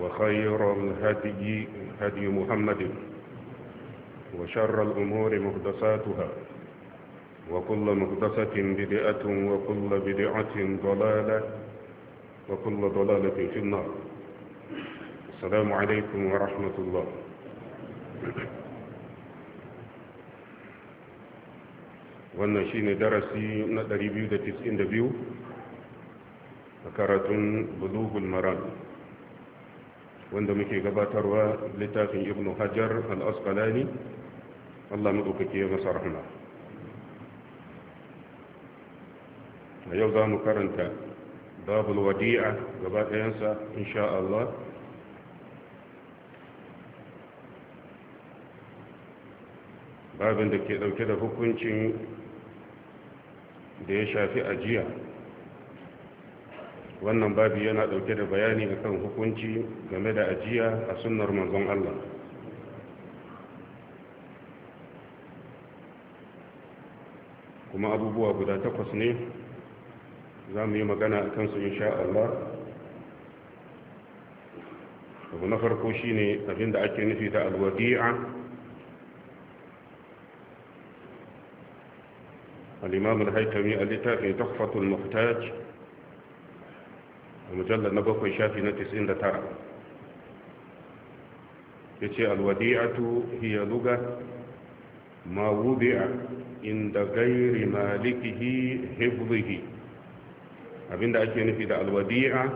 وخير الهدي هدي محمد وشر الأمور مهدساتها وكل مهدسة بدعة وكل بدعة ضلالة وكل ضلالة في النار السلام عليكم ورحمة الله wannan درسي darasi na 292 a فكرة بلوغ maram wanda muke gabatarwa littafin ibn hajar al-asqalani Allah madaukake masa rahma a yau za mu karanta babul wadi'a gaba ɗayansa insha Allah babin da ke ɗauke da hukuncin da ya shafi ajiya wannan babi yana dauke da bayani akan hukunci game da ajiya a sunnar manzon Allah kuma abubuwa guda takwas ne za mu yi magana a kansu insha Allah abu na farko shine abinda ake nufi da alwadi'a al-imam al-haytami al-littafi tuhfatul muhtaj mujallar na bakwai shafi na 99 ya ce alwadi'atu hiya luga ma inda gairi malikihi hibzihi abinda ake nufi da alwadi'a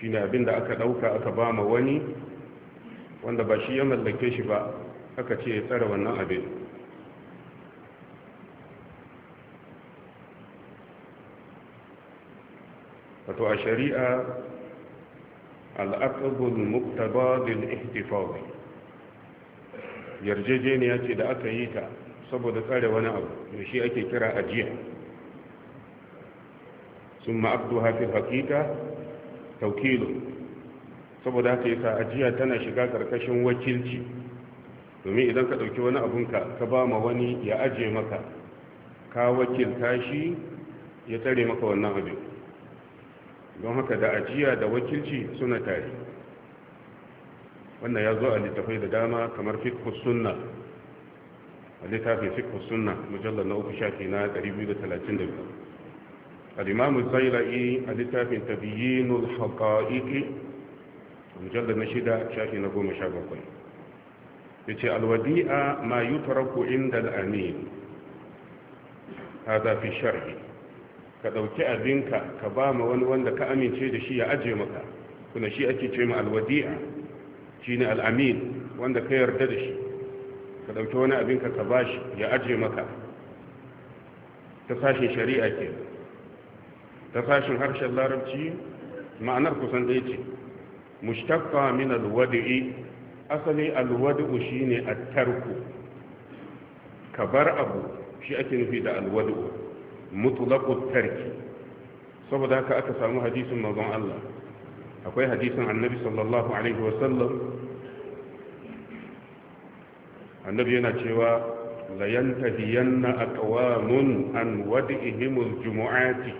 shine abinda aka ɗauka aka bama wani wanda ba shi ya mallake shi ba aka ce ya tsara wannan abin wato a shari'a al'aqabul muktabadil lil ihtifazi yarjejeniya ce da aka yi ta saboda tsare wani abu da shi ake kira ajiya sun ma'abdu hafin hakika taukilo saboda haka yasa ajiya tana shiga ƙarƙashin wakilci domin idan ka ɗauki wani abunka ka ba ma wani ya ajiye maka ka wakilta shi ya tare maka wannan abin don haka da ajiya da wakilci suna tare wannan ya zo a littafai da dama kamar fikhus sunna a littafin fikhus sunna mujallar na uku shafi na 232 al-imamu zaira'i a littafin ta tabiyyinul haqa'iqi mujallar na shida shafi na goma sha bakwai ya ce alwadi'a ma yutraku inda al-amin zafi fi sharhi ka ɗauki abinka ka ba ma wani wanda ka amince da shi ya aje maka kuna shi ake ce ma alwadi'a shi ne al'amin wanda ka yarda da shi ka ɗauki wani abinka ka ba shi ya aje maka ta sashin shari'a ke ta sashin harshen larabci ma'anar kusan ɗaya ce mushtaqqa min alwadi'i asali alwadi'u shine at-tarku bar abu shi ake nufi da alwadi'u mutlaqut tarki saboda haka aka samu hadisin manzon Allah akwai hadisin annabi sallallahu alaihi sallam annabi yana cewa la yantahiyanna aqwamun an wad'ihimul jumu'ati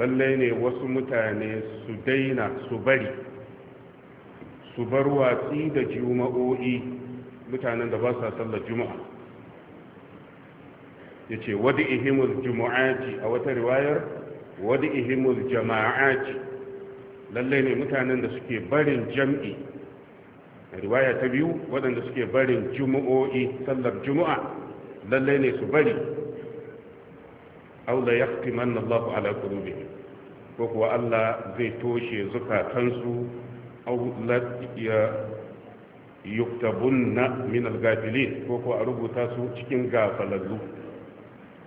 lalle ne wasu mutane su daina su bari su bar watsi da juma'o'i mutanen da ba sa sallar juma'a ya ce wadi ihimul jumu'aji a wata riwayar wadi ihimul jama'aji lallai ne mutanen da suke barin jam'i riwaya ta biyu waɗanda suke barin jumu'o'i sallar jumu'a lallai ne su bari aula ya fi manallahu ala kurube ko kuwa allah zai toshe zukatansu aula ya yuktabunna min algafilin ko kuwa a rubuta su cikin gafalallu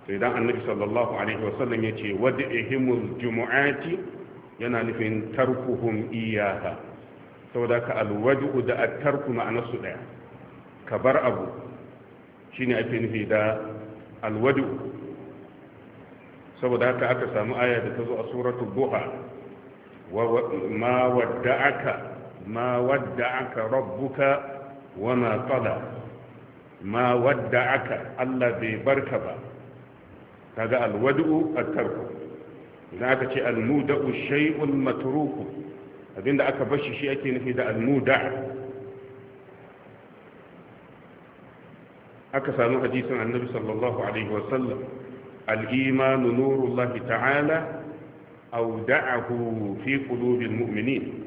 sai idan annabi sallallahu alaihi wasallam ya ce wadda ihimul jumu'ati yana nufin tarkuhum iyaha saboda ka alwadu da at-tarku ma'anar su daya ka bar abu shine ake nufi da alwadu saboda haka aka samu aya da ta zo a suratu duha ma wadda'aka ma wadda'aka rabbuka wa ma qala ma wadda'aka Allah bai barka ba kaga alwad'u a tarku idan aka ce almuda'u mudau shay'un matruku abinda aka bashi shi ake nufi da al aka samu hadisin annabi sallallahu alaihi wa sallam nurullahi ta'ala da'ahu fi qulubil mu'minin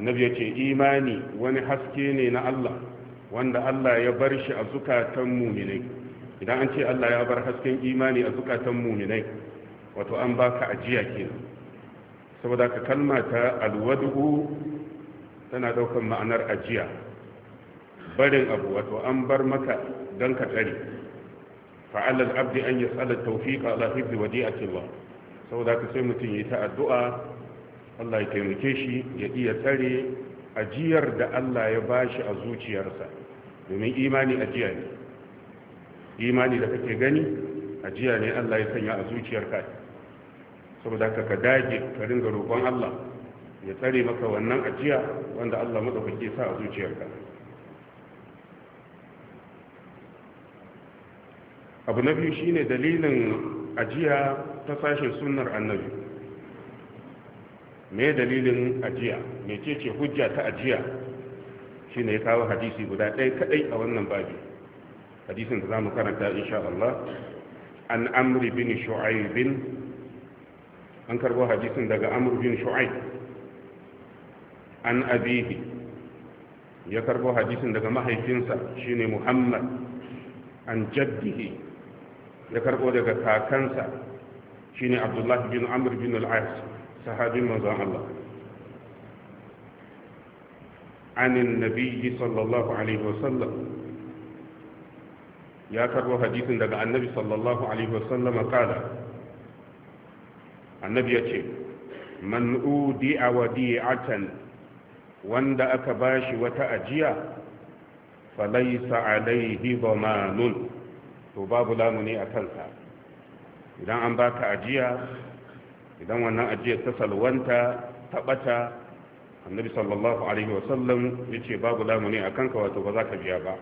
annabi yace imani wani haske ne na Allah wanda Allah ya bar shi a zukatan mu'minai idan an ce Allah ya bar hasken imani a zukatan muminai wato an baka ajiya ke. saboda ka kalma ta alwadu tana daukan ma'anar ajiya barin abu wato an bar maka don ka tsare fa'alal abdi an yi tsalar taufiƙa ala hibdi wadi a cewa saboda ka sai mutum ya ta addu'a Allah ya taimake shi ya iya tsare ajiyar da Allah ya bashi a zuciyarsa domin imani ajiya ne imani da kake gani ajiya ne Allah ya sanya a zuciyarka saboda haka ka dage ka ringa roƙon Allah ya tsare maka wannan ajiya wanda Allah madaukake sa a zuciyarka abu na biyu shine dalilin ajiya ta sashen sunnar annabi me dalilin ajiya me ce ce hujja ta ajiya shine ya kawo hadisi guda ɗaya kaɗai a wannan babi hadisin da za mu karanta insha Allah an amri bin shu'aib an karbo hadisin daga amr bin shu'aib an abihi ya karbo hadisin daga mahaifinsa shine muhammad an jaddihi ya karbo daga kakansa shine abdullah bin amr bin al-as sahabin manzon Allah عن النبي صلى الله عليه وسلم ya karbo hadisin daga annabi sallallahu alaihi wasallama kala annabi ya ce man udi udi'a wadi'atan wanda aka bashi wata ajiya falaisa alaihi dhamanun to babu lamuni a kansa idan an baka ajiya idan wannan ajiyar ta salwanta ta bata annabi sallallahu alaihi wasallam ya ce babu lamuni a kanka wato ba za ka biya ba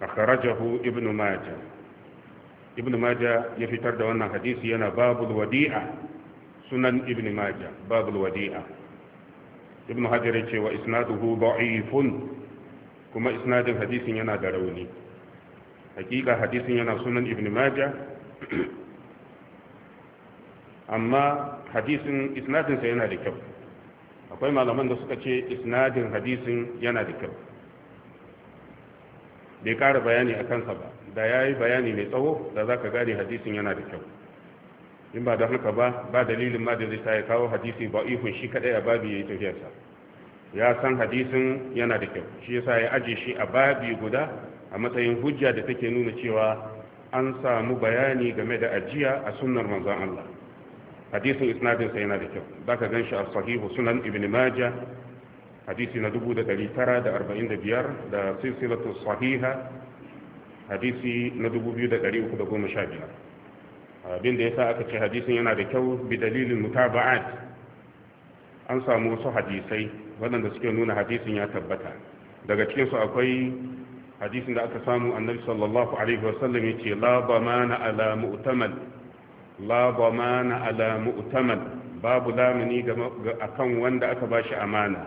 akharajahu ibn majah ibn majah ya fitar da wannan hadisi yana babul wadi'a sunan ibn majah babul wadi'a ibn hajar ya ce wa isnaduhu da'ifun kuma isnadin hadisin yana da rauni hakika hadisin yana sunan ibn majah amma hadisin isnadinsa yana da kyau akwai malaman da suka ce isnadin hadisin yana da kyau bai kara bayani a kansa ba da ya yi bayani mai tsawo da za ka gane hadisin yana da kyau in ba da haka ba ba dalilin ma da zai sa ya kawo hadisi ba ihun shi kaɗai a babi ya yi tafiyarsa ya san hadisin yana da kyau shi ya sa ya aje shi a babi guda a matsayin hujja da take nuna cewa an samu bayani game da ajiya a sunnar manzon Allah hadisin isnadinsa yana da kyau zaka gan shi a sahihu sunan ibn majah hadisi na 1945 da silsilatu sahiha hadisi na 2315 abin da sa aka ce hadisin yana da kyau bi dalilin mutaba'at an samu wasu hadisai waɗanda suke nuna hadisin ya tabbata daga cikinsu akwai hadisin da aka samu annabi sallallahu alaihi wasallam ce laba mana ala mu'tamal laba mana ala mu'tamal babu ga akan wanda aka bashi amana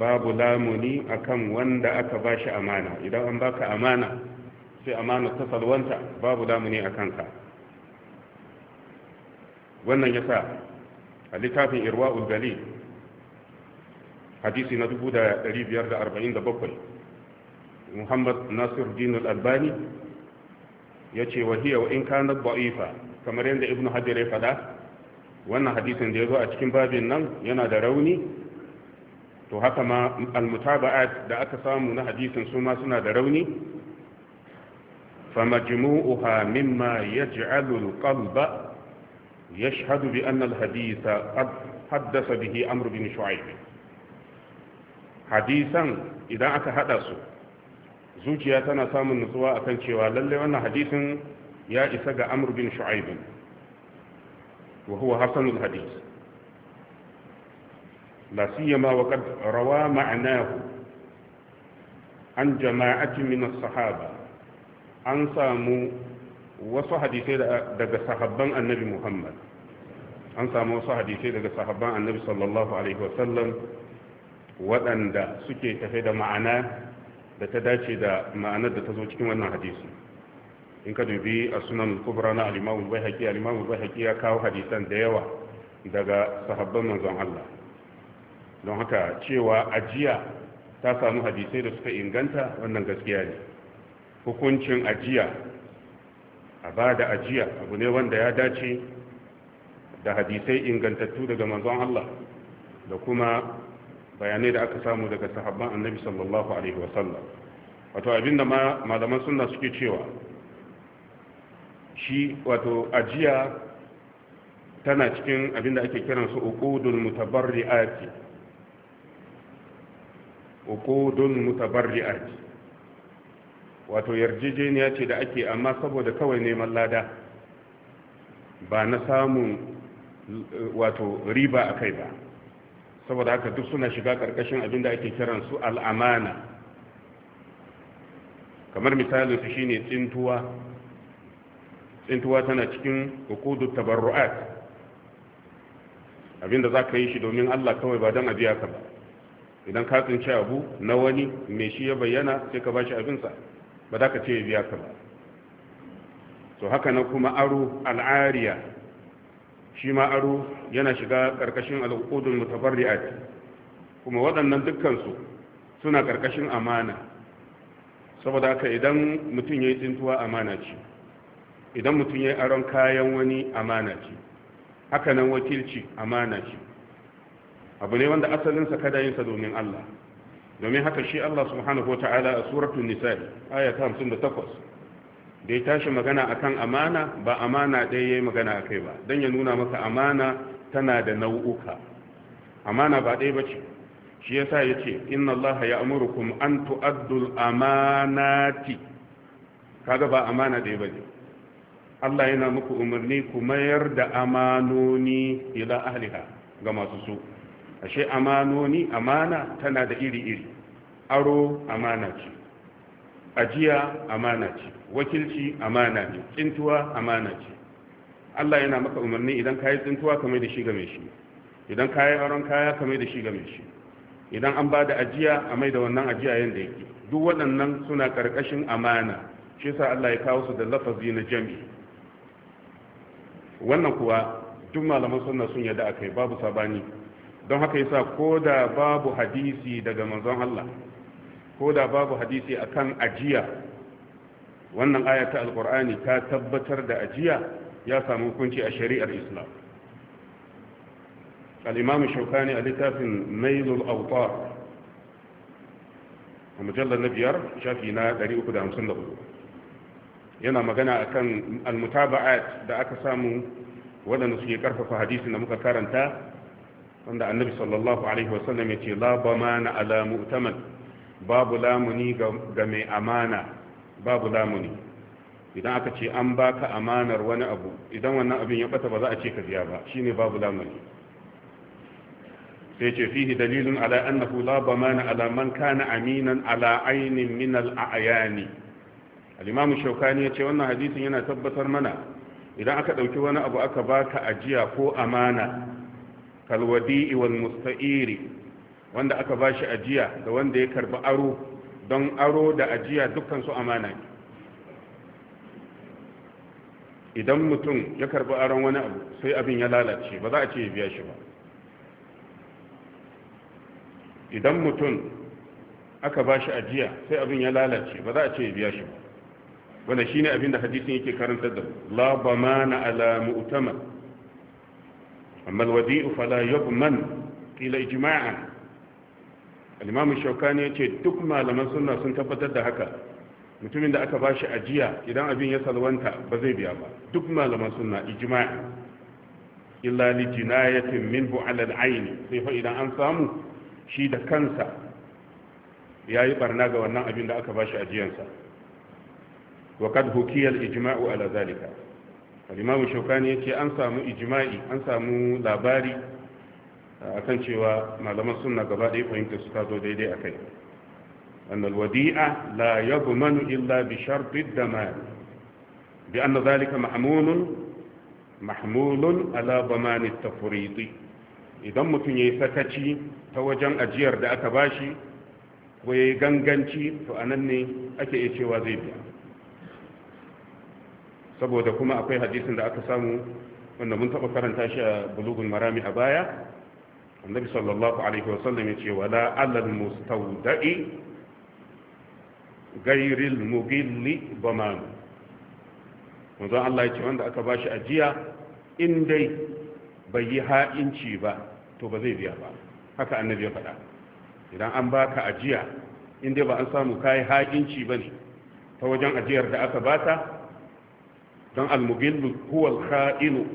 babu lamuni akan wanda aka ba shi amana idan an baka amana sai amana ta salwanta babu lamuni a kanka wannan yasa a littafin Irwa galil hadisi na 1547 muhammad nasir dinul albani ya ce wahiya wa in kanar ba'ifa kamar yadda ibn hajjar ya faɗa wannan hadisin da ya zo a cikin babin nan yana da rauni to haka ma almutaba'at da aka samu na hadisin su ma suna da rauni famajmu'uha mimma yaj'alu alqalba yashhadu bi anna alhadisa qad haddasa bihi amr bin hadisan idan aka haɗa su zuciya tana samun nutsuwa akan cewa lallai wannan hadisin ya isa ga amr bin shu'aib wa huwa hasanul لا سيما وقد روى معناه عن جماعة من الصحابة عن سامو wasu hadisai daga sahabban annabi muhammad an samu wasu hadisai daga sahabban annabi sallallahu alaihi wasallam waɗanda suke tafe da ma'ana da ta dace da ma'anar da ta zo cikin wannan hadisi in ka dubi a sunan kubra na alimawul bai haƙi alimawul bai haƙi ya kawo hadisan da yawa daga sahabban manzon allah don haka cewa ajiya ta samu hadisai da suka inganta wannan gaskiya ne hukuncin ajiya a ba da ajiya abu ne wanda ya dace da hadisai ingantattu daga manzon Allah da kuma bayanai da aka samu daga sahabban annabi sallallahu alaihi wasallam wato abinda ma malaman sunna suke cewa shi wato ajiya tana cikin abinda ake kiransu uqudul mutabarriati uqudun mutabarri'at wato yarjejeniya ce da ake amma saboda kawai neman lada ba na samun wato riba a kai ba saboda haka duk suna shiga karkashin abin da ake kiran su al'amana kamar misali su shine tsintuwa tsintuwa tana cikin uqudut tabarru'at abinda zaka yi shi domin Allah kawai ba dan abiya ka ba idan ka tsinci abu na wani mai shi ya bayyana sai ka bashi abinsa ba za ka ce ya biya ka ba to haka na kuma aro al'ariya shi ma aro yana shiga ƙarƙashin al'udun mutafarri'at kuma waɗannan dukkansu suna ƙarƙashin amana saboda haka idan mutum ya yi tsintuwa amana ce idan mutum ya yi aron kayan wani amana ce haka nan wakilci amana ce abu ne wanda asalinsa kada yin sa domin Allah domin haka shi Allah subhanahu wata'ala a suratul nisa'i aya ta 58 da ya tashi magana akan amana ba amana ɗaya ya yi magana akai ba dan ya nuna maka amana tana da nau'uka amana ba ɗaya ba ce, shi yasa yace inna Allah ya'murukum an tu'addul amanati kaga ba amana ɗaya bace Allah yana muku umarni ku mayar da amanoni ila ahliha ga masu su ashe amanoni amana tana da iri-iri aro amana ce ajiya amana ce wakilci amana ce tsintuwa amana ce Allah yana maka umarni idan kayi tsintuwa kamar da shi game shi idan kayi aron kaya kamar da shi game shi idan an ba da ajiya a mai da wannan ajiya yadda yake duk waɗannan suna ƙarƙashin amana shi sa Allah ya kawo su da lafazi na jami wannan kuwa duk malaman sunna sun yadda akai babu sabani don haka yasa ko da babu hadisi daga manzon Allah ko da babu hadisi akan ajiya wannan aya ta alqur'ani ta tabbatar da ajiya ya samu hukunci a shari'ar islam al-imam shaukani a littafin nailul awtar a mujallar na biyar shafi na 354 yana magana akan al-mutaba'at da aka samu waɗanda suke karfafa hadisin da muka karanta wanda annabi sallallahu alaihi wasallam ya ce la mana alamu mu'taman babu lamuni ga mai amana babu lamuni idan aka ce an baka amanar wani abu idan wannan abin ya bata ba za a ce ka biya ba shine babu lamuni sai ce fihi dalilun ala annahu la bamana ala man kana aminan ala ainin min al a'yani al-imam shaukani ya ce wannan hadisin yana tabbatar mana idan aka dauki wani abu aka baka ajiya ko amana kalwadi'i wal musta'iri wanda aka bashi ajiya da wanda ya karbi aro don aro da ajiya dukkan su amana ne idan mutum ya karbi aron wani abu sai abin ya lalace ba za a ce ya biya shi ba idan mutum aka ba shi ajiya sai abin ya lalace ba za a ce ya biya shi ba wanda shine abin da hadisin yake karanta da la bamana ala mu'tamar amma alwadi'u fala yubman ila ijma'an al-imam shaukani duk malaman sunna sun tabbatar da haka mutumin da aka ba shi ajiya idan abin ya salwanta ba zai biya ba duk malaman sunna ijma'a illa li jinayatin minhu ala aini sai fa idan an samu shi da kansa yayi barna ga wannan abin da aka shi ajiyansa wa kad hukiya ijmau ala zalika alimamin shaukani ya ce an samu ijima'i an samu labari akan cewa malaman suna gaba ɗaya fahimta su ta zo daidai a kai annal wadi'a la yadmanu illa bi sharti damar bi anna zalika mahmulun mahmulun ala baman at idan mutun yayi sakaci ta wajen ajiyar da aka bashi ko yayi ganganci to anan ne ake iya cewa zai biya saboda kuma akwai hadisin da aka samu wanda mun taɓa karanta shi a bulugun marami a baya annabi sallallahu alaihi wasallam ya ce wala alal mustawda'i gairil mugilli bamanu manzo Allah ya ce wanda aka bashi ajiya in dai bai yi ha'inci ba to ba zai biya ba haka annabi ya faɗa idan an baka ajiya in dai ba an samu kai ha'inci bane ta wajen ajiyar da aka bata don almugillu huwal kha'inu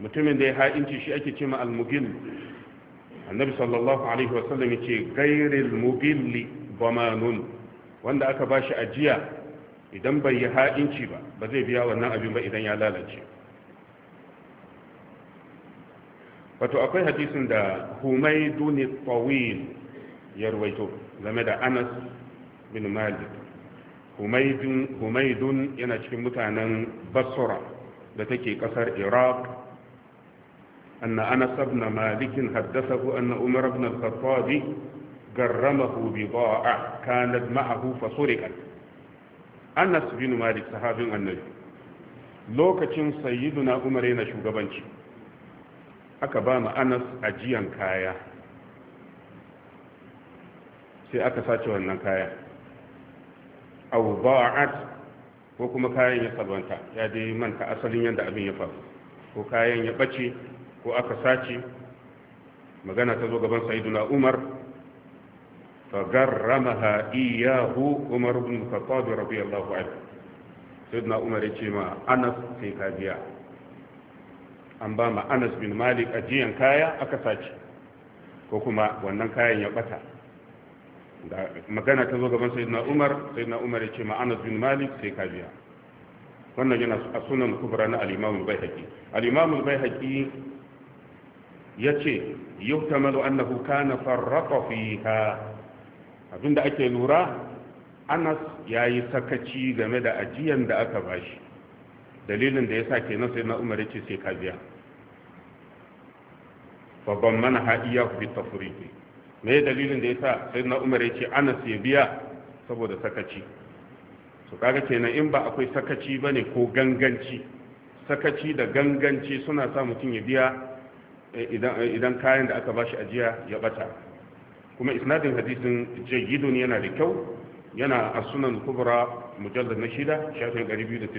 mutumin da ya ha'inci shi ake cema almugillu annabi sallallahu alaihi wasallam ce gairil mugilli bamanun wanda aka bashi ajiya idan bai yi ha'inci ba ba zai biya wannan abin ba idan ya lalace wato akwai hadisin da humai duni tawil ya ruwaito game da anas bin malik humaidun yana cikin mutanen Basra da take ƙasar iraq anna anas ibn malik haddathahu anna umar ibn al-khattab garramahu bida'a kanat ma'ahu fasuriqat anas bin malik sahabin annabi lokacin sayyiduna umar yana shugabanci aka ba mu anas ajiyan kaya sai aka sace wannan kaya aw ba'at ko kuma kayan ya salwanta ya dai manta asalin yadda abin ya faru ko kayan ya bace ko aka sace magana ta zo gaban sayyiduna umar فغرمها إياه عمر بن الخطاب رضي umar ya ce ma anas sai ka biya an ba ma anas bin malik ajiyan kaya aka sace ko kuma wannan kayan ya ɓata. da magana ta zo gaban sayyidina umar sayyidina umar ya ce ma anas bin malik sai ka biya wannan yana a sunan kubra na al-imam al-baihaqi al-imam al-baihaqi yace yuhtamalu annahu kana farraqa fiha abinda ake lura anas yayi sakaci game da ajiyan da aka bashi dalilin da yasa kenan sayyidina umar ya ce sai ka biya fa ban mana ha iyahu bi tafriqi me dalilin da ya sa sai na umar ce anas ya biya saboda sakaci su kaga kenan in ba akwai sakaci ba ne ko ganganci sakaci da ganganci suna sa mutum ya biya eh, eh, idan kayan da aka bashi ajiya ya bata kuma isnadin hadisin jayidun yana da kyau yana a sunan kubra mujallar na shida shafin 290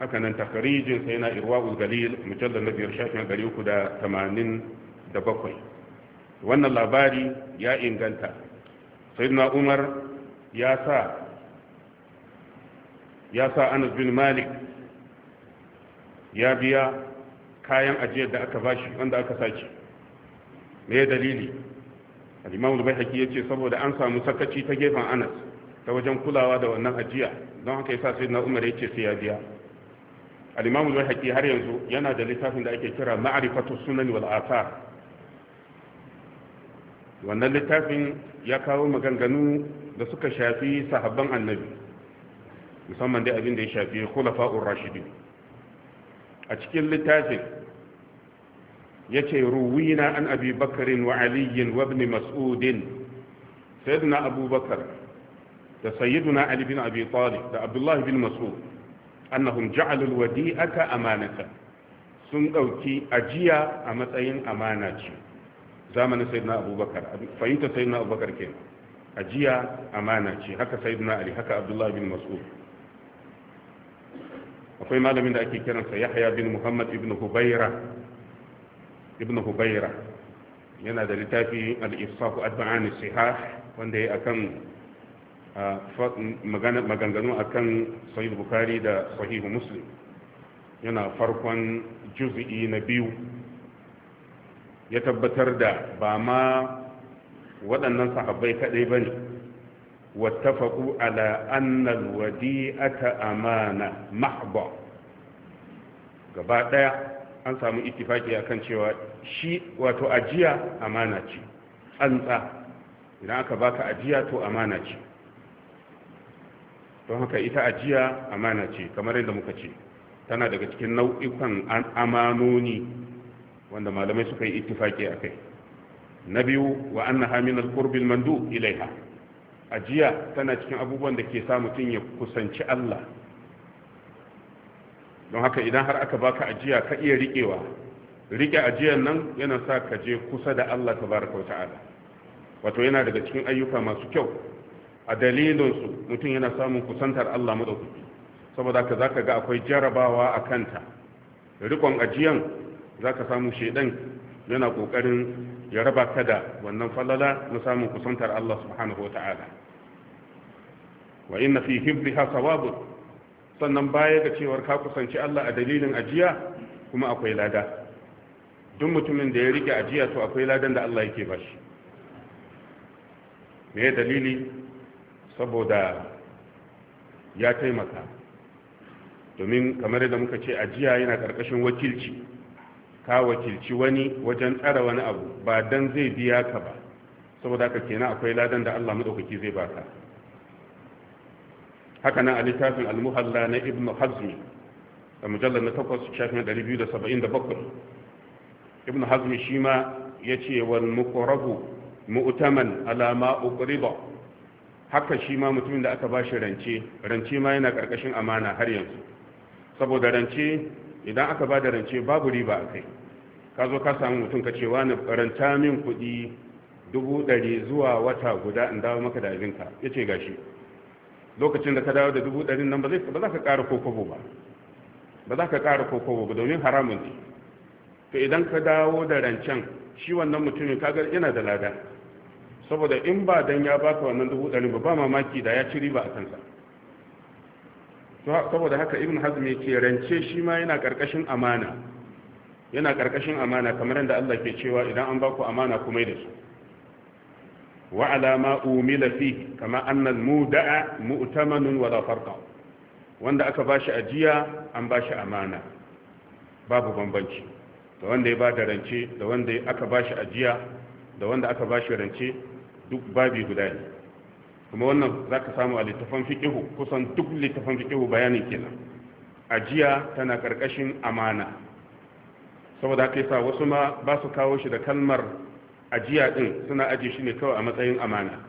haka nan takarijinsa yana irwa galil mujallar na biyar shafin 387 wannan labari ya inganta sayyidina umar ya sa ya sa anas bin malik ya biya kayan ajiyar da aka bashi wanda aka sace me dalili al-imam al-baihaqi yace saboda an samu sakaci ta gefen anas ta wajen kulawa da wannan ajiya don haka yasa sayyidina umar yace sai ya biya al-imam al har yanzu yana da littafin da ake kira ma'rifatu sunan wal athar wannan littafin ya kawo maganganu da suka shafi sahabban annabi musamman dai abin da ya shafi khulafa'ur rashidi. a cikin littafin ya ce ruwina an abi bakarin wa aliyin wa ibn mas'udin sayyiduna abubakar da sayyiduna ali bin abi talib da abdullahi bin mas'ud annahum ja'alu alwadi'ata amanatan sun dauki ajiya a matsayin amana ce zamanin sayyidina abubakar fahimta sayyidina abubakar ke ajiya amana ce haka sayyidina ali haka abdullahi bin mas'ud akwai malamin da ake kiransa yahya bin muhammad ibn hubaira ibn hubaira yana da littafi al-ifsahu adba'an sihah wanda ya akan maganganu akan sahih bukhari da sahih muslim yana farkon juz'i na biyu ya tabbatar da ba ma waɗannan sahabbai kaɗai ba ne wattafaku ala annal wadi'ata amana mahba gaba ɗaya an samu ittifaki akan cewa shi wato ajiya amana ce tsantsa idan aka baka ajiya to amana ce don haka ita ajiya amana ce kamar yadda muka ce tana daga cikin nau'ikan amanoni wanda malamai suka yi ittifaki a kai na biyu wa annaha min al mandu ilaiha ajiya tana cikin abubuwan da ke sa mutum ya kusanci Allah don haka idan har aka baka ajiya ka iya riƙewa riƙe ajiyar nan yana sa ka je kusa da Allah tabaraka wa ta'ala wato yana daga cikin ayyuka masu kyau a dalilinsu mutum yana samun kusantar Allah madaukaki saboda ka zaka ga akwai jarabawa a kanta riƙon ajiyan za ka samu shaidan yana kokarin ya raba ka da wannan falala na samun kusantar Allah subhanahu wa ta'ala wa inna fi hibbiha sawabun sannan baya ga cewar ka kusanci Allah a dalilin ajiya kuma akwai lada duk mutumin da ya rike ajiya to akwai ladan da Allah yake bashi me dalili saboda ya taimaka domin kamar da muka ce ajiya yana karkashin wakilci ka wakilci wani wajen tsara wani abu ba dan zai biya ka ba saboda haka kenan akwai ladan da Allah madaukaki zai baka haka nan a littafin al-muhalla na ibn hazmi da mujallar na takwas shafin 277 ibn hazmi shi ma ya ce wal muqrabu mu'taman ala ma haka shi ma mutumin da aka bashi rance rance ma yana karkashin amana har yanzu saboda rance idan aka ba da rance babu riba a kai ka zo ka samu mutum ka ce wani ranta min kuɗi dubu ɗari zuwa wata guda in dawo maka da abinka ya ce gashi lokacin da ka dawo da dubu ɗari nan ba za ka ƙara kokobo ba ba za ka ƙara kokobo ba domin haramun ne to idan ka dawo da rancen shi wannan mutumin kagar yana da lada saboda in ba dan ya baka wannan dubu ɗari ba ba mamaki da ya ci riba a kansa saboda haka ibn hazm yake rance shi ma yana karkashin amana yana karkashin amana kamar yadda Allah ke cewa idan an baku amana kuma da su wa ala ma umila fi kama annal muda'a mu'tamanun wala farqa wanda aka bashi ajiya an bashi amana babu bambanci da wanda ya bada rance da wanda aka bashi ajiya da wanda aka bashi rance duk babu guda ne kuma wannan za ka samu a littafan fikihu kusan duk littafan fikihu bayanin kenan ajiya tana karkashin amana saboda haka yasa wasu ma ba su kawo shi da kalmar ajiya din suna aje shi ne kawai a matsayin amana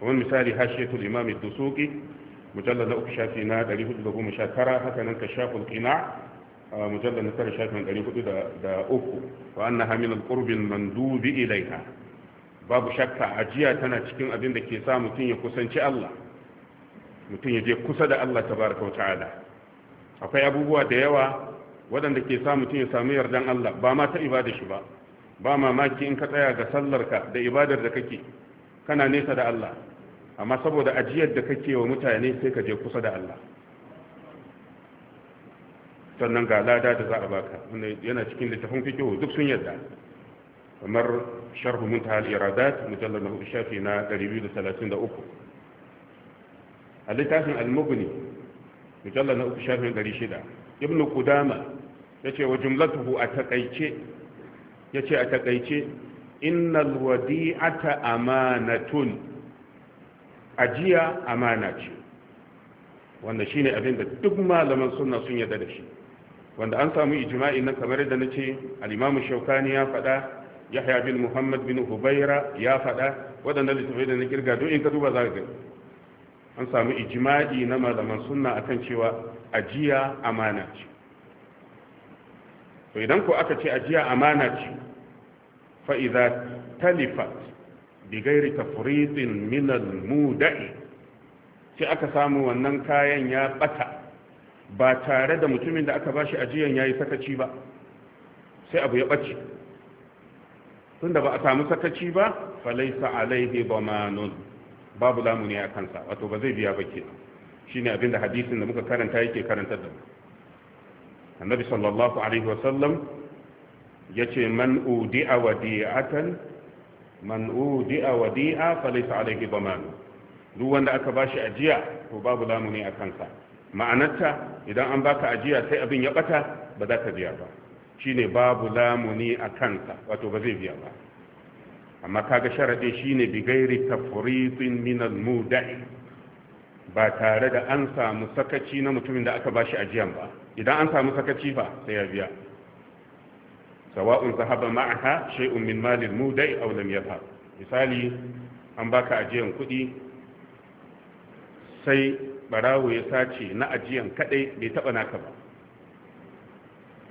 kamar misali hashiyatul imam ad-dusuqi mujallad na uku shafi na 419 haka nan kashaful qina mujallad na tara shafi na 403 wa annaha min al mandubi ilayha babu shakka ajiya tana cikin abin da ke sa mutum ya kusanci Allah mutum ya je kusa da Allah tabaraka wa ta'ala akwai abubuwa da yawa waɗanda ke sa mutum ya samu yardan Allah ba ma ta ibada shi ba ba mamaki in ka tsaya ga sallarka da ibadar da kake kana nesa da Allah amma saboda ajiyar da kake wa mutane sai ka je kusa da Allah sannan ga lada da za a baka yana cikin littafin fikihu duk sun yarda kamar sharh muntaha al-iradat mujallad na shafi na 233 a littafin al-mughni mujallad na uku shafin 600 ibnu qudama yace wa jumlatuhu a takaice yace a takaice innal wadi'ata amanatun ajiya amana ce wanda shine abin da duk malaman sunna sun yarda da shi wanda an samu ijma'i nan kamar yadda nace al-imam shaukani ya faɗa yahya bin muhammad bin hubaira ya faɗa waɗanda littafai da na kirga don in ka duba za ka an samu ijma'i na malaman sunna akan cewa ajiya amana ce to idan ko aka ce ajiya amana ce fa idza talifat bi ghairi tafridin min al muda'i sai aka samu wannan kayan ya bata ba tare da mutumin da aka bashi ajiyan yayi sakaci ba sai abu ya bace tunda ba a samu sakaci ba falaisa alaihi bamanun babu lamuni a kansa wato ba zai biya ba ke shine abin da hadisin da muka karanta yake karanta da mu annabi sallallahu alaihi wasallam ce man udi'a wadi'atan man udi'a wadi'a falaysa alaihi baman duk wanda aka ba shi ajiya to babu lamuni a kansa ma'anarta idan an baka ajiya sai abin ya bata ba za ka biya ba shine babu lamuni a kansa wato ba zai biya ba amma kaga sharadin shine bi gairi tafritin min al ba tare da an samu sakaci na mutumin da aka bashi ajiyan ba idan an samu sakaci ba sai ya biya sawa'un zahaba ma'aha shay'un min mali mudai aw lam yadhhab misali an baka ajiyan kuɗi sai barawo ya sace na ajiyan kadai bai taba naka ba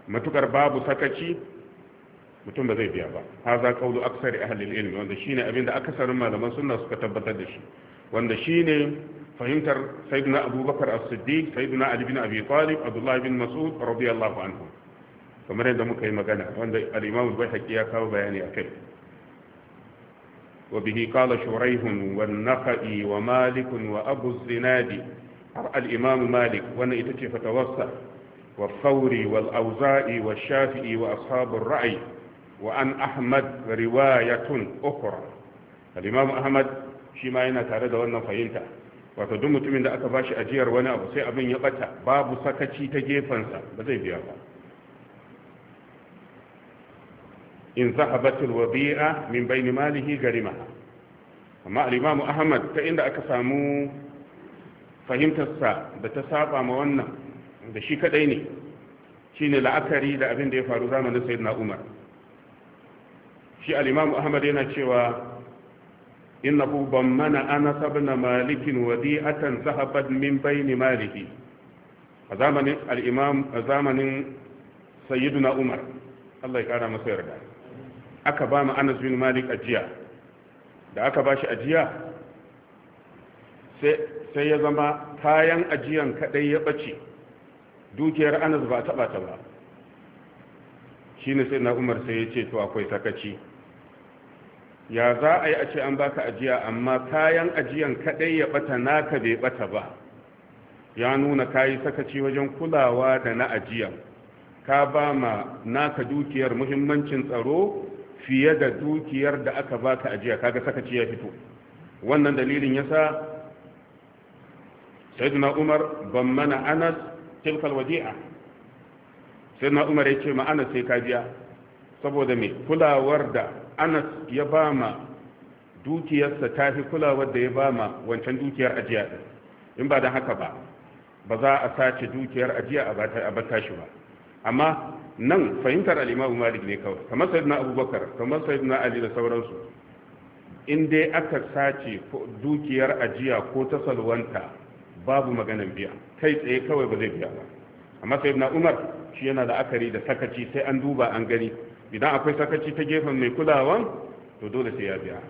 matukar babu sakaci mutum ba zai biya ba haza kaulu aksari a halin ilimi. wanda shine abin da akasarin malaman sunna suka tabbatar da shi wanda shine fahimtar sayyidina abubakar as-siddiq sayyidina ali bin abi talib abdullah bin mas'ud radiyallahu anhu kamar yadda muka yi magana wanda al-imam al ya kawo bayani akai وبه قال شريح والنخعي ومالك وأبو الزناد الإمام مالك وأن إتتي فتوسع والثوري والأوزائي والشافعي وأصحاب الرأي وأن أحمد رواية أخرى الإمام أحمد شما ينا تارد وانا فهمتا وتدوم من دا أكباش أجير وانا أبو سي أبن يقتا باب سكتشي تجيفنسا بزي بيابا إن ذهبت الوضيئة من بين ماله غرمها أما الإمام أحمد فإن دا أكسامو فهمت السا دا تسابع موانا da shi kadai ne shine la'akari da abin da ya faru zamanin sayyidina umar shi al-imam ahmad yana cewa innahu bammana anas ibn malik wadi'atan sahabat min bayni malihi a zamanin al-imam a zamanin sayyidina umar Allah ya kara masa yarda aka ba mu anas bin malik ajiya da aka ba shi ajiya sai ya zama kayan ajiyan kadai ya bace dukiyar anas ba taba ta ba shi ne sai na umar sai ya ce to akwai sakaci ya za a yi a ce an baka ajiya amma kayan ajiyan kaɗai ya ɓata naka bai bata ba ya nuna kayi sakaci wajen kulawa da na ajiyan ka ba ma naka dukiyar muhimmancin tsaro fiye da dukiyar da aka baka ajiya kaga sakaci ya fito wannan dalilin yasa sayyidina umar ban mana anas tilkal wadi'a sai na umar ya ce ma anas sai ka biya saboda me kulawar da anas ya ba ma dukiyarsa ta fi kulawar da ya ba ma wancan dukiyar ajiya din in ba da haka ba ba za a sace dukiyar ajiya a bata shi ba amma nan fahimtar al'imamu malik ne kawai kamar sayyidina abubakar kamar sayyidina ali da sauransu in dai aka sace dukiyar ajiya ko ta salwanta babu maganan biya kai tsaye kawai ba zai biya ba amma sai na umar shi yana la'akari da sakaci sai an duba an gani idan akwai sakaci ta gefen mai kulawa, to dole sai ya biya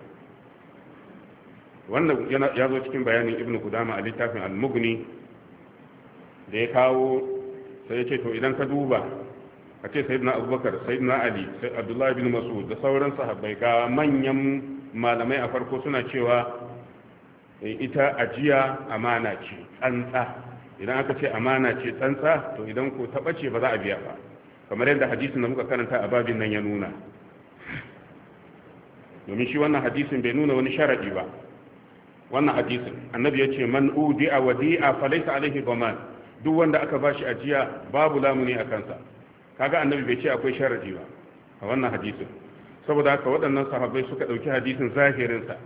wannan ya zo cikin bayanin ibn kudama a littafin al-mughni da ya kawo sai ya ce to idan ka duba a ce sayyidina abubakar sayyidina ali sai abdullahi bin mas'ud da sauran sahabbai ga manyan malamai a farko suna cewa Eh, ita ajiya amana ce tsantsa idan aka ce amana ce tsantsa to idan ko ta bace ba za a biya ba kamar yadda hadisin da muka karanta a babin nan ya nuna domin shi wannan hadisin bai nuna wani sharadi ba wannan hadisin annabi ya ce man udi a wadi a falaysa alaihi daman duk wanda aka bashi ajiya babu lamuni a kansa kaga annabi bai ce akwai sharadi ba a wannan hadisin saboda haka waɗannan sahabbai suka ɗauki hadisin zahirinsa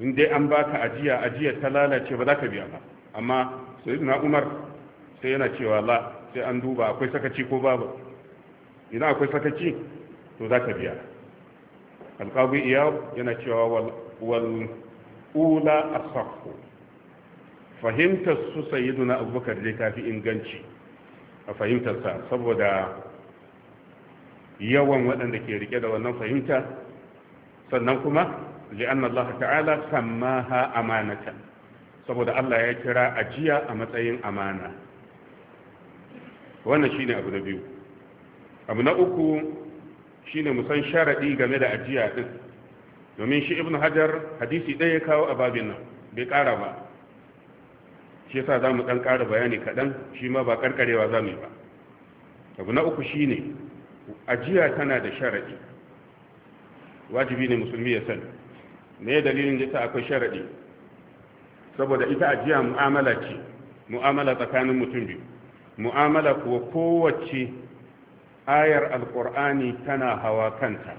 in dai an baka ajiya ajiya ta lalace ba za ka biya ba amma sayyidina umar sai yana cewa la sai an duba akwai sakaci ko babu idan akwai sakaci to za ka biya alƙabi iya yana cewa wal ula sako. fahimtar su sayyiduna abubakar dai tafi inganci a fahimtarsa saboda yawan waɗanda ke rike da wannan fahimta sannan kuma li'anna Allah ta'ala sammaha amanatan saboda Allah ya kira ajiya a matsayin amana wannan shine abu na biyu abu na uku shine musan sharadi game da ajiya din domin shi ibnu hajar hadisi ɗaya ya kawo a babin nan bai ƙara ba shi yasa za mu ɗan ƙara bayani kaɗan shi ma ba ƙarƙarewa za mu yi ba abu na uku shine ajiya tana da sharadi wajibi ne musulmi ya sani me dalilin da ta akwai sharaɗi. saboda ita ajiya mu'amala ce mu'amala tsakanin mutum biyu mu'amala kuwa kowace ayar alkur'ani tana hawa kanta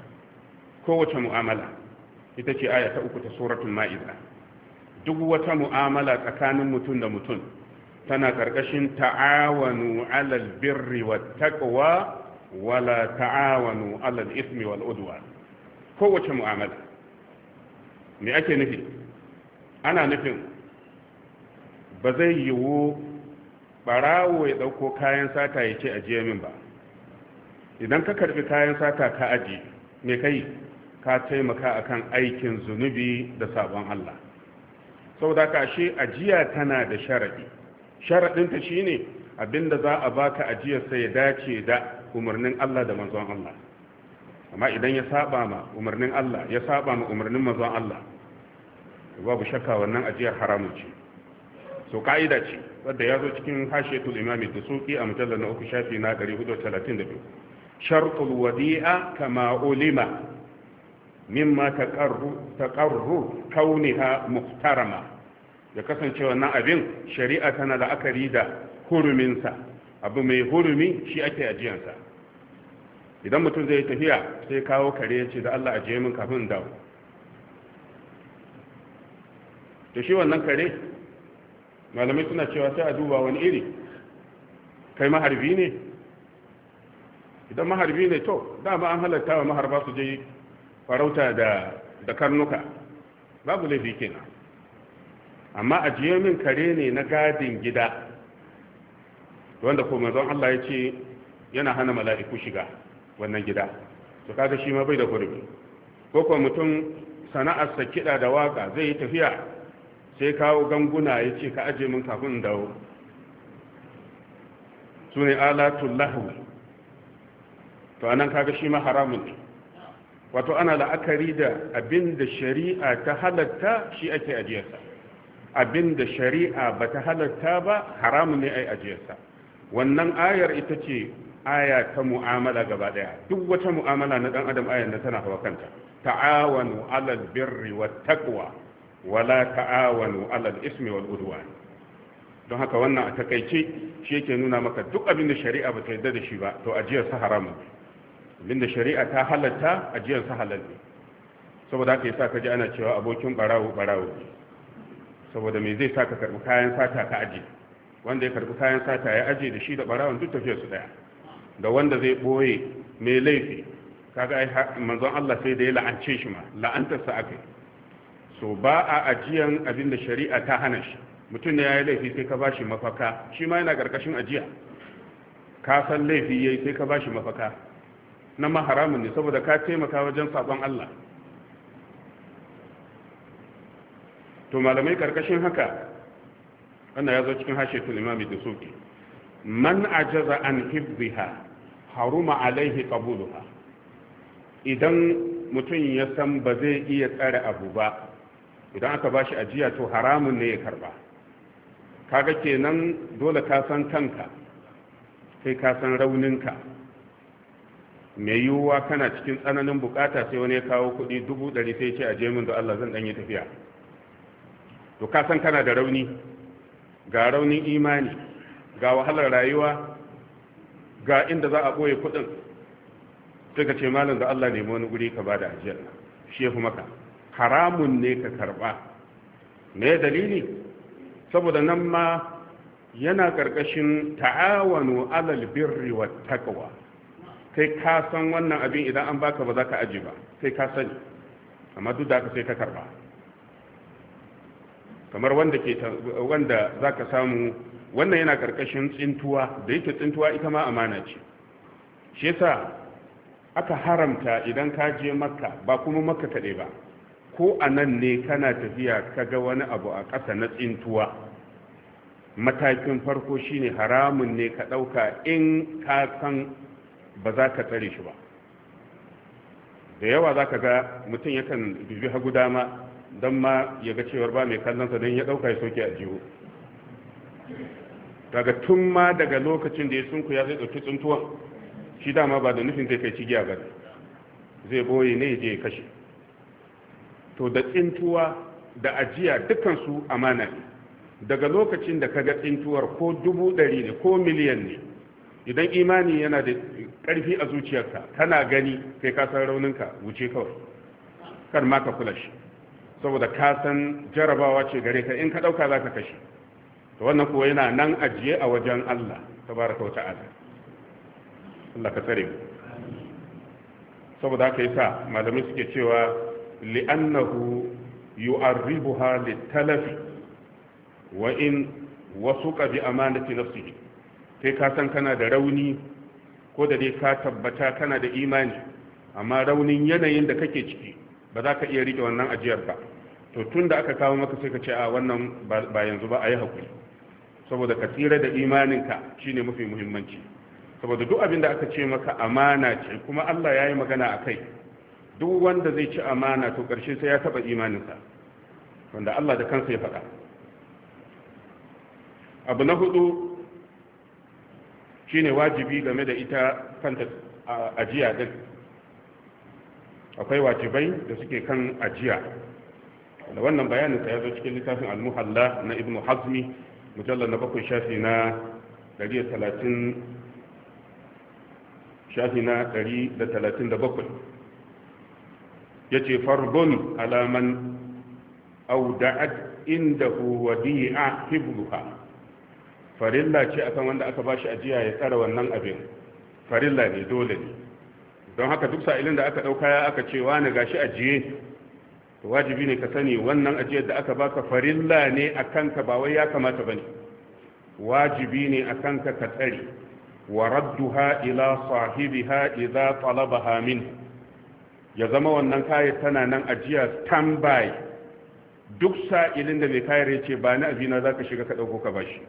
kowace mu'amala ita ce aya ta uku ta suratun ma'iza duk wata mu'amala tsakanin mutum da mutum tana ƙarƙashin ta'awanu alal birri wat taqwa wala ta'awanu alal ismi wal udwa kowace mu'amala me ake nufi ana nufin ba zai yiwu barawo ya dauko kayan sata ya ce ajiye min ba idan ka karbi kayan sata ka aji me kai ka taimaka akan aikin zunubi da sabon Allah saboda ka shi ajiya tana da sharadi sharaɗinta shine abinda za a baka ajiyarsa ya dace da umarnin Allah da manzon Allah amma idan ya saba ma umarnin Allah ya saba ma umarnin manzon Allah babu shakka wannan ajiyar haramun ce so ka'ida ce wadda ya zo cikin hashiyatul imami da suki a mujallar na uku shafi na gari biyu shartul wadi'a kama ulima mimma taqarru taqarru kauniha muhtarama ya kasance wannan abin shari'a tana la'akari da huruminsa abu mai hurumi shi ake ajiyansa idan mutum zai tafiya sai kawo kare ya ce da Allah ajiye min kafin dawo to shi wannan kare malamai suna cewa sai a duba wani iri kai maharbi ne idan maharbi ne to dama an halatta wa maharba su je farauta da da karnuka babu laifi kenan amma ajiye min kare ne na gadin gida wanda ko manzon Allah ya ce yana hana mala'iku shiga wannan gida to kaga shi ma bai da hurumi ko ko mutum sa kida da waka zai yi tafiya sai kawo ganguna ya ce ka aje min kafin in dawo su ne alatun lahu to anan kaga shi ma haramun ne wato ana la'akari da abin da shari'a ta halatta shi ake ajiyarsa abin da shari'a ba ta halatta ba haramun ne ai ajiyarsa wannan ayar ita ce aya ta mu'amala gaba daya duk wata mu'amala na dan adam ayan da tana hawa kanta ta'awanu alal birri wat taqwa wala ta'awanu alal ismi wal udwan don haka wannan a takaice shi yake nuna maka duk abin da shari'a ba ta yarda da shi ba to ajiyar sa haramun abin da shari'a ta halatta ajiyar sa halal ne saboda haka yasa ka ji ana cewa abokin barawo barawo saboda me zai saka karbi kayan sata ka aje wanda ya karbi kayan sata ya aje da shi da barawon duk tafiyar su daya da wanda zai boye mai laifi kaga ai manzon Allah sai da ya la'ance shi ma sa akai so ba a ajiyan abin da shari'a ta hana shi mutum ne ya yi laifi sai ka bashi mafaka shi ma yana karkashin ajiya ka san laifi yayi sai ka bashi mafaka na ma haramun ne saboda ka taimaka wajen sabon Allah to malamai karkashin haka wannan ya zo cikin hashe imami da soke man ajaza an hibbiha haruma alaihi qabuluha idan mutum ya san ba zai iya tsare abu ba idan aka ba shi ajiya to haramun ne ya karba kaga kenan dole ka san kanka sai ka san rauninka mai yiwuwa kana cikin tsananin bukata sai wani ya kawo kuɗi dubu ɗari sai ce a min, da Allah zan yi tafiya to ka san kana da rauni ga raunin imani ga wahalar rayuwa ga inda za a ɓoye kuɗin sai ka ce malam da Allah nemi wani guri ka bada ajiyar na maka haramun ne ka karɓa, me dalili saboda nan ma yana ƙarƙashin ta'awanu alal birri wa taqwa kai ka san wannan abin idan an baka ba za ka aji ba kai ka sani amma duk da ka sai ka karɓa, kamar wanda ke wanda za ka samu wannan yana karkashin tsintuwa da yake tsintuwa ita ma amana ce shi yasa aka haramta idan ka je makka ba kuma makka kaɗai ba ko a nan ne kana tafiya ka ga wani abu a ƙasa na tsintuwa matakin farko shine haramun ne ka ɗauka in ka san ba za ka tsare shi ba da yawa za ka ga mutum yakan dubi hagu dama don ma ya ga cewar ba mai kallonsa don ya ɗauka ya soke a jiho daga tun ma daga lokacin da ya sunku ya zai dauki tsuntuwan shi dama ba da nufin zai kai cigiya ba zai boye ne je ya kashe to da tsuntuwa da ajiya dukansu amana ne daga lokacin da kaga tsintuwar ko dubu ɗari ne ko miliyan ne idan imani yana da karfi a zuciyarka kana gani kai ka san rauninka wuce kawai kar ma ka kula shi saboda ka san jarabawa ce gare ka in ka ɗauka za ka kashe to wannan kuwa yana nan ajiye a wajen Allah tabaraka wa ta'ala Allah ka tsare mu saboda haka yasa malamai suke cewa li'annahu yu'arribuha litalafi wa in wasuqa bi amanati nafsihi kai ka san kana da rauni ko da dai ka tabbata kana da imani amma raunin yanayin da kake ciki ba za ka iya rike wannan ajiyar ba to tun da aka kawo maka sai ka ce a wannan ba yanzu ba a yi haƙuri saboda ka tsira da imaninka shine mafi muhimmanci saboda duk abin da aka ce maka amana ce kuma Allah ya yi magana a kai duk wanda zai ci amana to ƙarshe sai ya taɓa imaninsa wanda Allah da kansa ya faɗa abu na hudu shine wajibi game da ita kanta ajiya din akwai wajibai da suke kan ajiya da wannan bayanin sa ya zo cikin littafin al-muhalla na ibnu hazmi mujallal na bakwai shafi na 130 shafi na 137 yace farbun alaman auda'at indahu wadi'a hibluha farilla ce akan wanda aka bashi ajiya ya tsara wannan abin farilla ne dole ne don haka duk sa'ilin da aka ɗauka ya aka ce wani gashi ajiye wajibi ne ka sani wannan ajiyar da aka baka farilla ne a kanka ba wai ya kamata ba ne wajibi ne a kanka ka tsare wa radduha ila sahibiha idza talabaha min ya zama wannan kaya tana nan ajiya standby duk sa'ilin da mai kayar ya ce ba na abina za ka shiga ka ɗauko ka bashi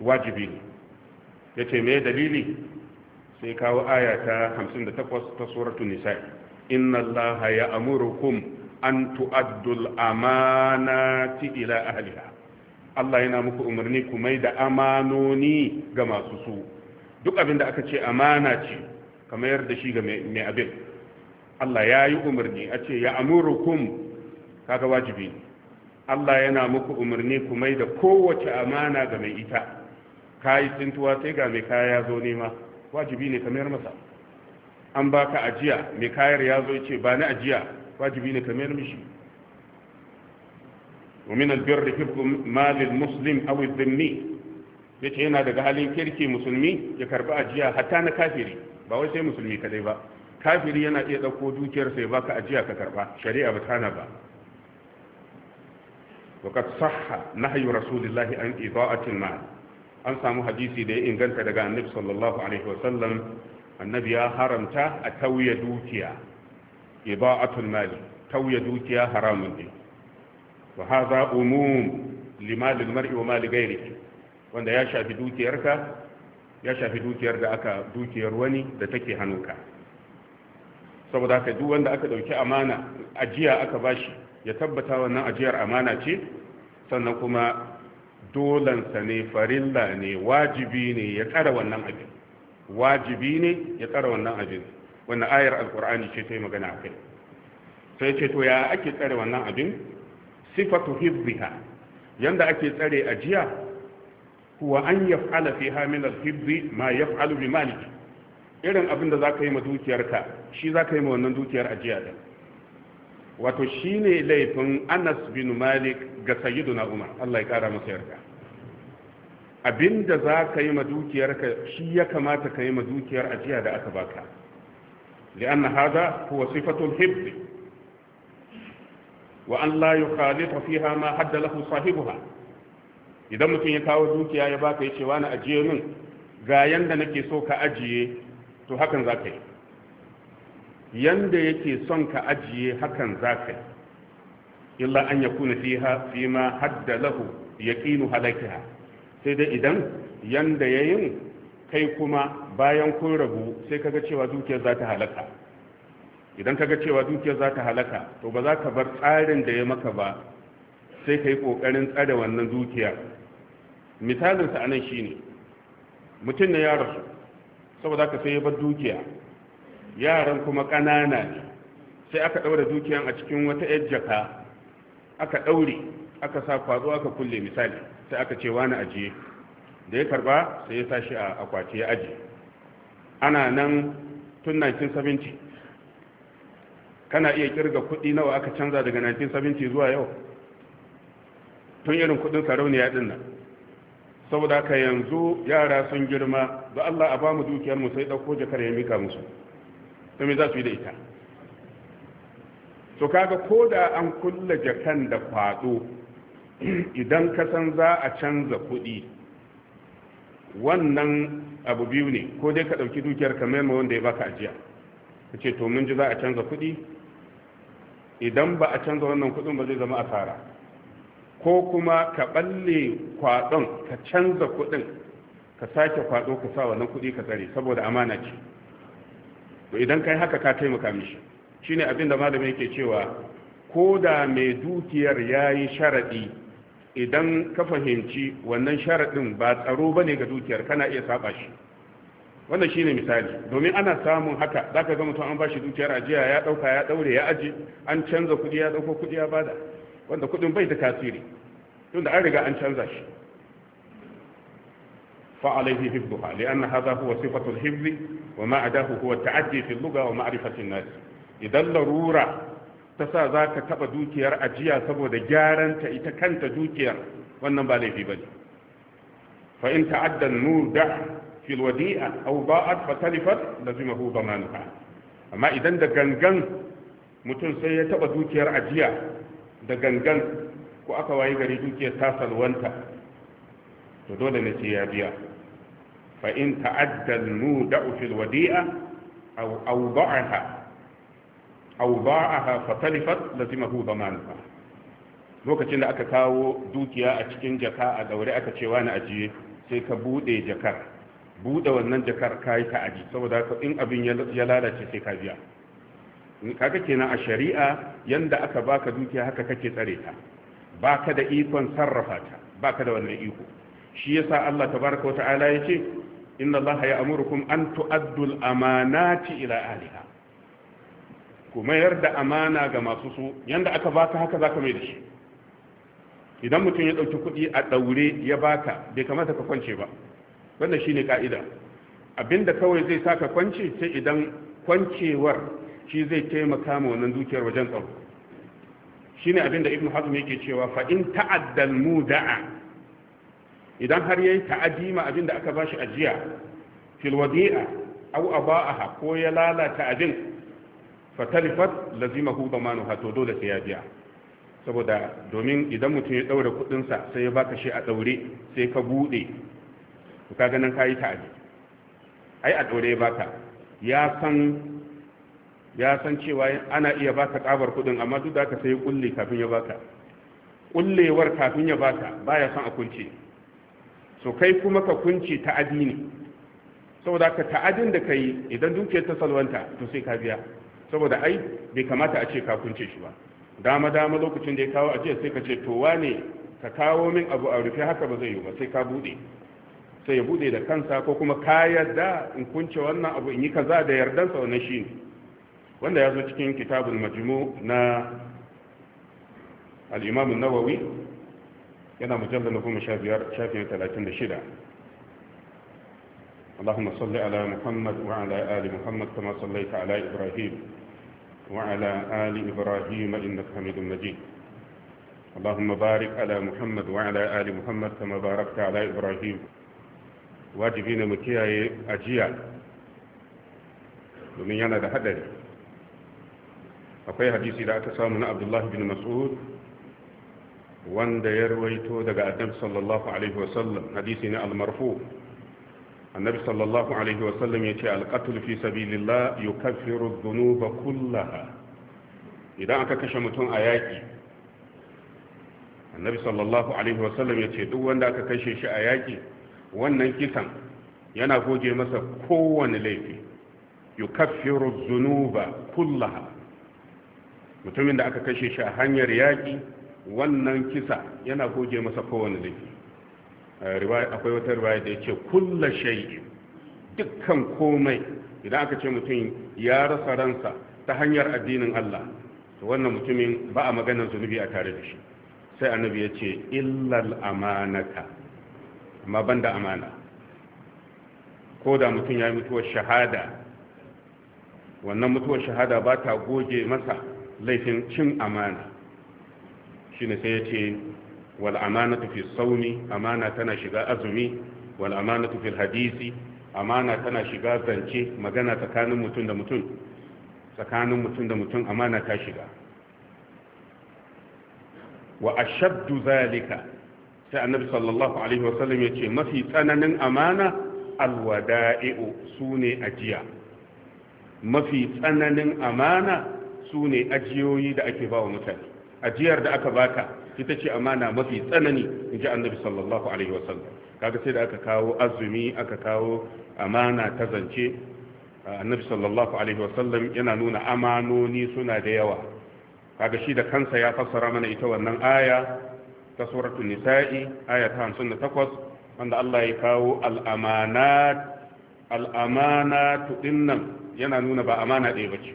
wajibi ne ya ce me dalili sai kawo aya ta 58 ta suratul nisa'i inna allaha ya amurukum an tu'addul amanati ila ahliha Allah yana muku umarni ku mai da amanoni ga masu duk abin da aka ce amana ce ka mayar da shi ga mai abin Allah ya yi umarni a ce ya amurukum kaga wajibi Allah yana muku umarni kumai da kowace amana ga mai ita kayi tsintuwa sai ga mai kaya zo nema wajibi ne ka mayar masa an baka ajiya mai kayar ya zo ce ba ni ajiya wajibi ne ka mayar mishi wa min da hibbu malil muslim aw dhimmi yace yana daga halin kirki musulmi ya karba ajiya hatta na kafiri ba wai sai musulmi kadai ba kafiri yana iya dauko dukiyar sai baka ajiya ka karba shari'a ba tana ba وقد صح نهي رسول الله عن إضاءة المال an samu hadisi da ya inganta daga annabi sallallahu alaihi wasallam annabi ya haramta a tauye dukiya iba'atul mali tauye dukiya haramun ne wa hadha umum limal mar'i wa mali ghairihi wanda ya shafi dukiyarka ya shafi dukiyar da aka dukiyar wani da take hannuka saboda haka duk wanda aka dauki amana ajiya aka bashi ya tabbata wannan ajiyar amana ce sannan kuma dolansa ne farilla ne wajibi ne ya tsara wannan abin wajibi ne ya tsara wannan abin wannan ayar alkur'ani ce ta yi magana a kai sai ce to ya ake tsare wannan abin sifatu hizbiha yanda ake tsare ajiya kuwa an yaf'ala fiha min al ma yaf'alu bi maliki irin abin da ka yi ma dukiyarka shi ka yi ma wannan dukiyar ajiya da wato shi ne laifin Anas bin Malik ga na Umar Allah ya kara masa yarda abinda za ka yi ma dukiyarka shi ya kamata ka yi ma dukiyar ajiya da aka baka li'anna hada huwa sifatul hibd wa an la yukhalifa fiha ma hadda lahu sahibuha idan mutum ya kawo dukiya ya baka ya ce wani ajiye min ga yanda nake so ka ajiye to hakan za ka yi yanda yake son ka ajiye hakan za ka yi illa an yakuna fiha fima hadda lahu yaqinu halakiha sai dai idan yanda ya yin kai kuma bayan kun rabu sai kaga cewa dukiyar za ta halaka idan kaga cewa dukiyar za ta halaka to ba za ka bar tsarin da ya maka ba sai ka yi ƙoƙarin tsare wannan dukiyar misalinsa a nan shine mutum ne ya rasu saboda ka sai ya bar dukiya yaran kuma ƙanana ne sai aka ɗaura dukiyan a cikin wata yar jaka aka ɗaure aka sa kwazo aka kulle misali sai aka ce wani ajiye da ya karba sai ya tashi a akwati ya ajiye ana nan tun 1970 kana iya kirga kuɗi nawa aka canza daga 1970 zuwa yau tun irin kuɗin sarauniya din nan saboda haka yanzu yara sun girma da Allah a bamu dukiyar mu sai dauko jakar ya mika musu to me za su yi da ita to kaga ko da an kulle jakan da kwado idan ka san za a canza kuɗi wannan abu biyu ne ko dai ka ɗauki dukiyar ka maima wanda ya baka ajiya ka ce to mun ji za a canza kuɗi idan ba a canza wannan kuɗin ba zai zama asara ko kuma ka ɓalle kwaɗon ka canza kuɗin ka sake kwaɗo ka sa wannan kuɗi ka tsare saboda amana ce to idan kai haka ka taimaka mishi shine abin da malami yake cewa ko da mai dukiyar yayi yi sharaɗi idan ka fahimci wannan sharaɗin ba tsaro ba ne ga dukiyar kana iya saba shi wannan shi ne misali domin ana samun haka za ka ga mutum an ba shi dukiyar ajiya ya ɗauka ya ɗaure ya aji an canza kuɗi ya ɗauko kuɗi ya bada wanda kuɗin bai da tasiri tun da an riga an canza shi فعليه حفظها لأن هذا هو صفة الحفظ وما أداه هو التعدي في اللغة ومعرفة الناس إذا اللرورة ta sa za ka taɓa dukiyar ajiya saboda gyaran ta ita kanta dukiyar wannan ba laifi ba ne Fa in ta'addan nur da filwadi'a au ba'ad fa talifat da zuma hu ba amma idan da gangan mutum sai ya taɓa dukiyar ajiya da gangan ko aka waye gari dukiyar ta salwanta to dole ne ce ya biya in ta'addan nur da filwadi'a au ba'adha aw ba'aha fatalifat lazimahu damanuha lokacin da aka kawo dukiya a cikin jaka a daure aka cewa na ajiye sai ka bude jakar bude wannan jakar kai ka aji saboda ka in abin ya lalace sai ka biya kaga kenan a shari'a yanda aka baka dukiya haka kake tsare ta baka da ikon sarrafa ta baka da wannan iko shi yasa Allah tabaraka wa ta'ala yace inna Allah ya'murukum an tu'addu al-amanati ila ahliha ku mayar da amana ga masu su yanda aka baka haka zaka mai da shi idan mutum ya ɗauki kuɗi a ɗaure ya baka bai kamata ka kwance ba wannan shine ka'ida abinda kawai zai saka kwance sai idan kwancewar shi zai taimaka ma wannan dukiyar wajen tsaro shine abinda ibnu hazm yake cewa fa in ta'addal muda'a idan har yayi ta'adi ma abinda aka bashi ajiya fil wadi'a aw aba'aha ko ya lalata abin fatalifat lazimahu damanuha to dole sai ya biya saboda domin idan mutum ya daura sa sai ya baka shi a daure sai ka bude to kaga nan ta ta'adi ai a daure baka ya san ya san cewa ana iya baka kabar kudin amma duk da ka sai kulle kafin ya baka kullewar kafin ya baka baya san a kunce so kai kuma ka kunce ta'adi ne saboda ka ta'adin da kai idan dukiyar ta salwanta to sai ka biya saboda ai bai kamata a ce ka kunce shi ba dama dama lokacin da ya kawo ajiyar sai ka ce to wane ka kawo min abu a rufe haka ba zai yi ba sai ka bude sai ya bude da kansa ko kuma ka yarda in kunce wannan abu in yi kaza da yardansa wannan shi wanda ya zo cikin kitabul majmu na al-imam an-nawawi yana mujallal na goma sha talatin da shida اللهم صل على محمد وعلى ال محمد كما صليت على ابراهيم وعلى آل إبراهيم إنك حميد مجيد اللهم بارك على محمد وعلى آل محمد كما باركت على إبراهيم واجبين مكياي da haɗari akwai hadisi da aka samu na abdullahi bin mas'ud wanda ya ruwaito daga annabi hadisi na annabi sallallahu alaihi wasallam ya ce alƙatul fi sabilillah yukaffiru dhunuba kullaha idan aka kashe mutum a yaƙi annabi sallallahu alaihi wasallam ya ce duk wanda aka kashe shi a yaƙi wannan kisan yana goge masa kowane laifi yukaffiru dhunuba kullaha mutumin da aka kashe shi a hanyar yaƙi wannan kisa yana goge masa kowane laifi akwai wata riwaya da yake kulla shay'i dukkan komai idan aka ce mutum ya rasa ransa ta hanyar addinin Allah to wannan mutumin ba a maganar zunubi a tare da shi sai annabi ya ce illal amanata amma banda amana ko da mutum ya yi mutuwar shahada wannan mutuwar shahada ba ta goge masa laifin cin amana shi ne sai ya ce wal amanatu fi saumi amana tana shiga azumi wal amanatu fil hadisi amana tana shiga zance magana tsakanin mutum da mutum tsakanin mutum da mutum amana ta shiga wa ashaddu zalika sai annabi sallallahu alaihi wasallam yace mafi tsananin amana alwada'i'u sune ajiya mafi tsananin amana sune ajiyoyi da ake ba wa mutane ajiyar da aka baka ita ce amana mafi tsanani in ji annabi sallallahu alaihi wasallam kaga sai da aka kawo azumi aka kawo amana ta zance annabi sallallahu alaihi wasallam yana nuna amanoni suna da yawa kaga shi da kansa ya fassara mana ita wannan aya ta suratul nisa'i aya ta 58 wanda Allah ya kawo al-amanat al-amanatu dinnan yana nuna ba amana ɗaya ba ce.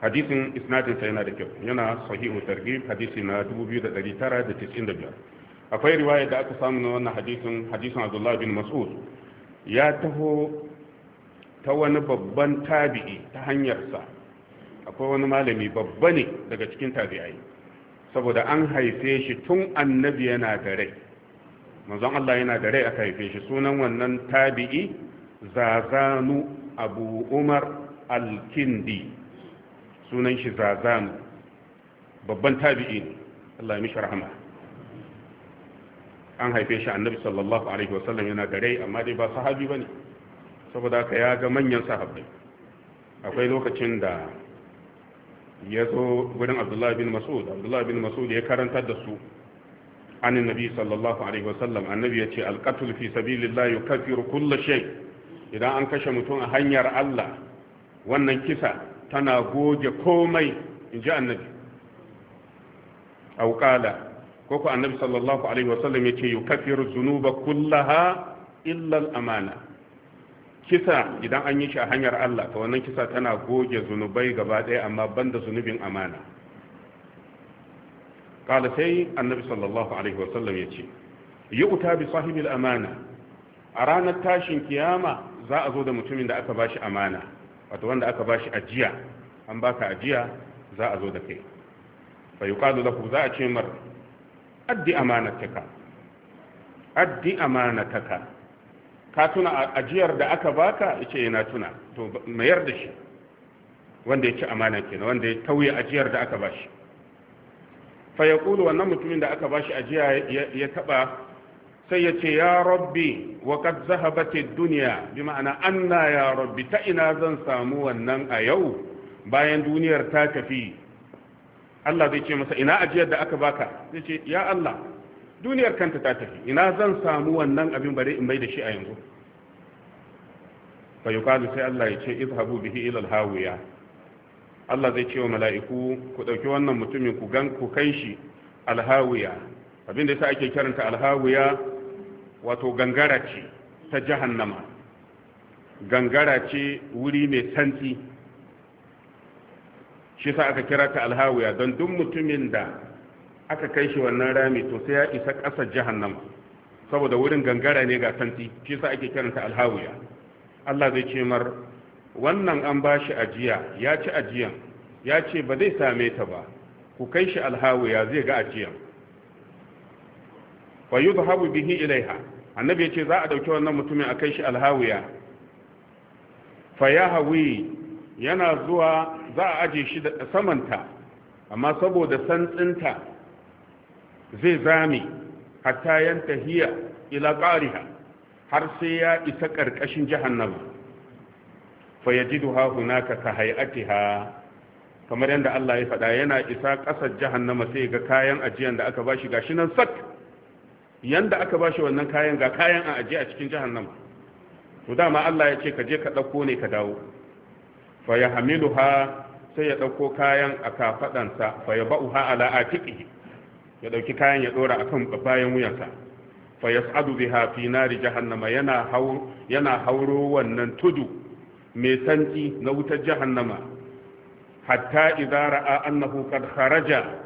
hadisin isnadinsa yana da kyau yana sahihu targhib hadisi na 2995 akwai riwaya da aka samu na wannan hadisin hadisin Abdullah bin Mas'ud ya taho ta wani babban tabi'i ta hanyarsa akwai wani malami babba ne daga cikin tabi'ai saboda an haife shi tun annabi yana da rai manzon Allah yana da rai aka haife shi sunan wannan tabi'i zazanu abu umar al-kindi sunan shi zazan babban tabi'i ne Allah ya mishi rahama an haife shi annabi sallallahu alaihi wasallam yana gare amma dai ba sahabi ba ne saboda haka ya ga manyan sahabbai akwai lokacin da ya zo gurin abdullahi bin masud abdullahi bin masud ya karanta da su an nabi sallallahu alaihi wasallam annabi ya ce alqatul fi sabilillah yukaffiru kull shay idan an kashe mutum a hanyar Allah wannan kisa tana goge komai in ji annabi auƙala ko ku annabi sallallahu alaihi wasallam ya ce yukaffiru zunuba kullaha illa amana kisa idan an yi shi a hanyar Allah Ta wannan kisa tana goge zunubai gaba ɗaya amma banda zunubin amana kala sai annabi sallallahu alaihi wasallam ya ce yu'ta bi sahibil amana a ranar tashin kiyama za a zo da mutumin da aka ba shi amana wato wanda aka bashi ajiya an baka ajiya za a zo da kai fa yuqalu lahu za a ce mar addi amanataka addi amanataka ka tuna ajiyar da aka baka yace ina eh, tuna to mayar da shi wanda ya ci amana kenan wanda ya tauye ajiyar da aka bashi fa yaqulu wannan mutumin da aka bashi ajiya ya taba sai ya ce ya rabbi wa kad zahabati dunya bi ma'ana anna ya rabbi ta ina zan samu wannan a yau bayan duniyar ta tafi Allah zai ce masa ina ajiyar da aka baka zai ce ya Allah duniyar kanta ta tafi ina zan samu wannan abin bare in bai da shi a yanzu fa yuqalu sai Allah ya ce izhabu bihi ila al-hawiya Allah zai ce wa mala'iku ku dauki wannan mutumin ku gan ku kai shi al-hawiya abin da yasa ake karanta al-hawiya wato gangara ce ta jahannama gangara ce wuri mai santsi shi sa aka kira ta alhawiya don duk mutumin da aka kai shi wannan rami to sai ya isa ƙasar jahannama saboda wurin gangara ne ga santsi shi sa ake ta alhawiya Allah zai ce mar wannan an ba shi ajiya ya ci ajiyan ya ce ba zai same ta ba ku kai shi alhawiya zai ga ajiyan fa yuzhabu bihi ilaiha annabi ce za a dauki wannan mutumin kai shi alhawiya fa hawi yana zuwa za a aje shi da samanta amma saboda santsinta zai zame hatta yantahiya ila qariha har sai ya isa karkashin jahannama fa yajiduha hunaka ka hay'atiha kamar yadda Allah ya faɗa yana isa ƙasar jahannama sai ga kayan ajiyan da aka bashi gashi nan sak yanda aka bashi wannan kayan ga kayan a ajiye a cikin jahannama to dama Allah ya ce ka je ka dauko ne ka dawo fa yahmiluha sai ya dauko kayan a kafadansa fa yabauha ala atiqihi ya dauki kayan ya dora akan bayan wuyansa fa yas'adu biha fi nari jahannama yana hauro yana hauro wannan tudu mai santi na wutar jahannama hatta idara ra'a annahu kad kharaja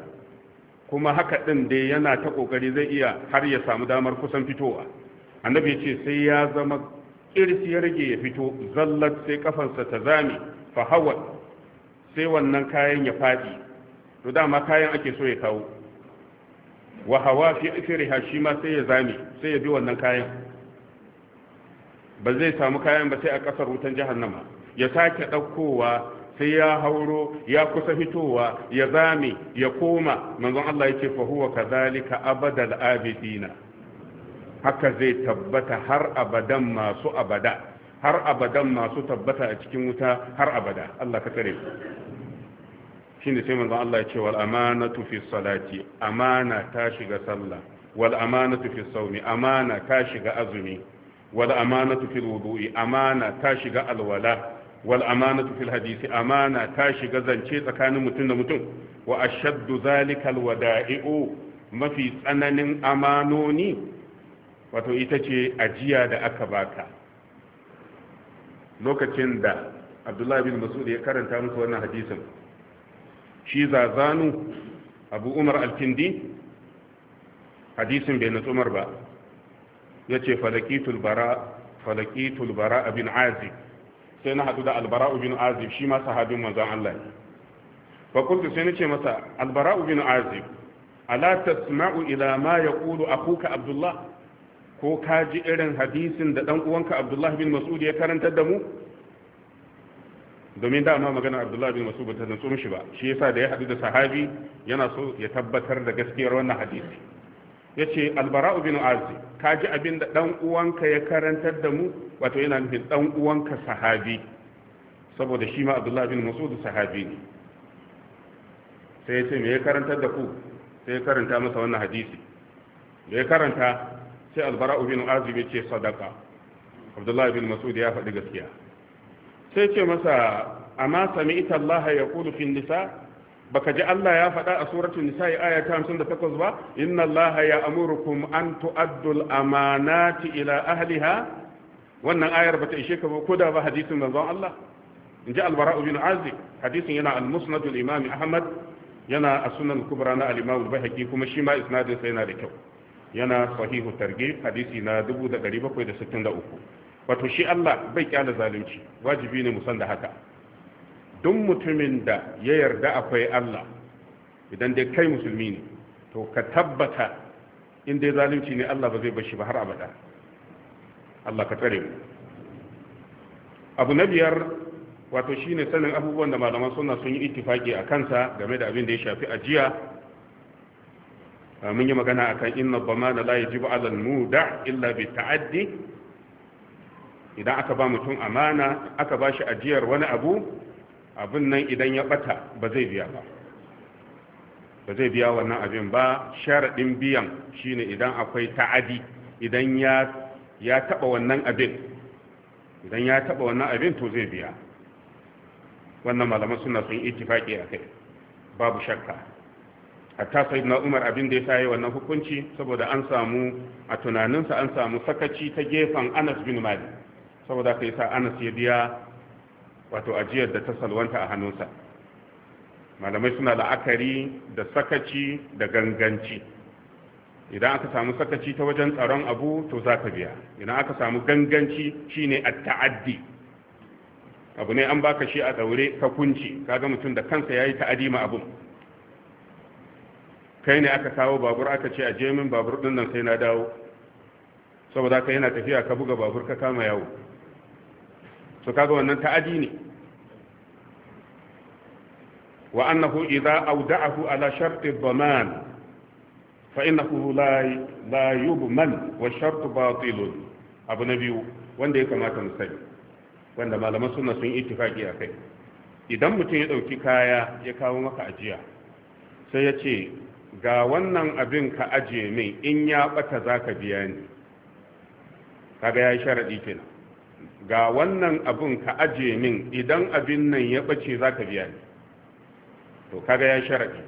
kuma haka ɗin dai yana ta ƙoƙari zai iya har ya samu damar kusan fitowa annabi ya ce sai ya zama ƙirsi ya rage ya fito zallat sai kafansa ta zame fa sai wannan kayan ya faɗi to dama kayan ake so ya kawo wa hawa fi ifriha shi ma sai ya zame sai ya bi wannan kayan ba zai samu kayan ba sai a ƙasar wutan jihar jahannama ya sake ɗaukowa sai ya hauro ya kusa fitowa ya zame ya koma manzon Allah yake fa huwa kadhalika abadal abidina haka zai tabbata har abadan masu abada har abadan masu tabbata a cikin wuta har abada Allah ka tsare shine sai manzon Allah ya ce wal amanatu fi salati amana ta shiga sallah wal amanatu fi sawmi amana ta shiga azumi wal amanatu fi wudu'i amana ta shiga alwala wal amanatu fil hadisi amana ta shiga zance tsakanin mutum da mutum wa ashaddu zalikal wada'i'u mafi tsananin amanoni wato ita ce ajiya da aka baka lokacin da abdullahi bin masud ya karanta musu wannan hadisin shi zazanu abu umar alkindi hadisin bai na umar ba ya ce falakitul bara falakitul bara abin azib sai na hadu da albara'u bin azib shi ma sahabin manzon Allah ne fa sai na ce masa albara'u bin azib ala tasma'u ila ma yaqulu akuka abdullah ko ka ji irin hadisin da ɗan uwanka abdullah bin mas'ud ya karantar da mu domin dama magana abdullah bin mas'ud ba ta ba shi yasa da ya hadu da sahabi yana so ya tabbatar da gaskiyar wannan hadisi yace albara'u bin azib ka ji abin da dan uwanka ya karantar da mu wato yana nufin dan uwanka sahabi saboda shi ma abdullahi bin Masudu sahabi ne sai ya ce me ya karantar da ku sai ya karanta masa wannan hadisi Me ya karanta sai albara'u bin azib ya ce sadaka abdullahi bin Masudu ya faɗi gaskiya sai ce masa amma sami'ta Allah ya qulu fi nisa baka ji Allah ya faɗa a suratun nisa ya aya ta takwas ba inna Allah ya amurukum an tu'addul amanati ila ahliha wannan ayar bata ishe ka ba ko da ba hadisin manzon Allah in ji albara ibn azib hadisin yana al-musnad al-imam ahmad yana as-sunan kubra na al-imam al kuma shi ma isnadin sa yana da kyau yana sahihu targhib hadisi na 1763 wato shi Allah bai kyala zalunci wajibi ne mu san da haka duk mutumin da ya yarda akwai Allah idan dai kai musulmi ne to ka tabbata in dai zalunci ne Allah ba zai bar shi ba har abada Allah ka tsare mu abu na biyar wato shine sanin abubuwan da malaman suna sun yi ittifaki a kansa game da abin da ya shafi ajiya mun yi magana akan inna bamana la yajibu ala al-muda illa bi ta'addi idan aka ba mutum amana aka ba shi ajiyar wani abu abin nan idan ya bata ba zai biya ba ba zai biya wannan abin ba ɗin biyan shine idan akwai ta'adi idan ya ya taba wannan abin idan ya taba wannan abin to zai biya wannan malaman suna sun ittifaki a kai babu shakka hatta sai na umar abin da ya sa wannan hukunci saboda an samu a tunaninsa an samu sakaci ta gefen anas bin mali saboda ka sa anas ya biya wato ajiyar da ta salwanta a hannunsa malamai suna la'akari da sakaci da ganganci idan aka samu sakaci ta wajen tsaron abu to za ka biya idan aka samu ganganci shi ne a ta'addi abu ne an baka shi a daure ka kunci kaga mutum da kansa ya yi ta'adi ma abun kai ne aka kawo babur aka ce a jemin babur din nan sai na dawo saboda ka yana tafiya ka buga babur ka kama yawo to kaga wannan ta'adi ne wa annahu idza awda'ahu ala shartid dhaman فإنه لا لا يضمن والشرط باطل أبو نبي wanda ya kamata mu sani wanda malaman suna sun ittifaki a kai idan mutum ya ɗauki kaya ya kawo maka ajiya sai ya ce ga wannan abin ka ajiye min in ya bata za ka biya ni kaga ya yi sharaɗi kenan ga wannan abin ka ajiye min idan abin nan ya ɓace za ka biya ni to kaga ya yi sharaɗi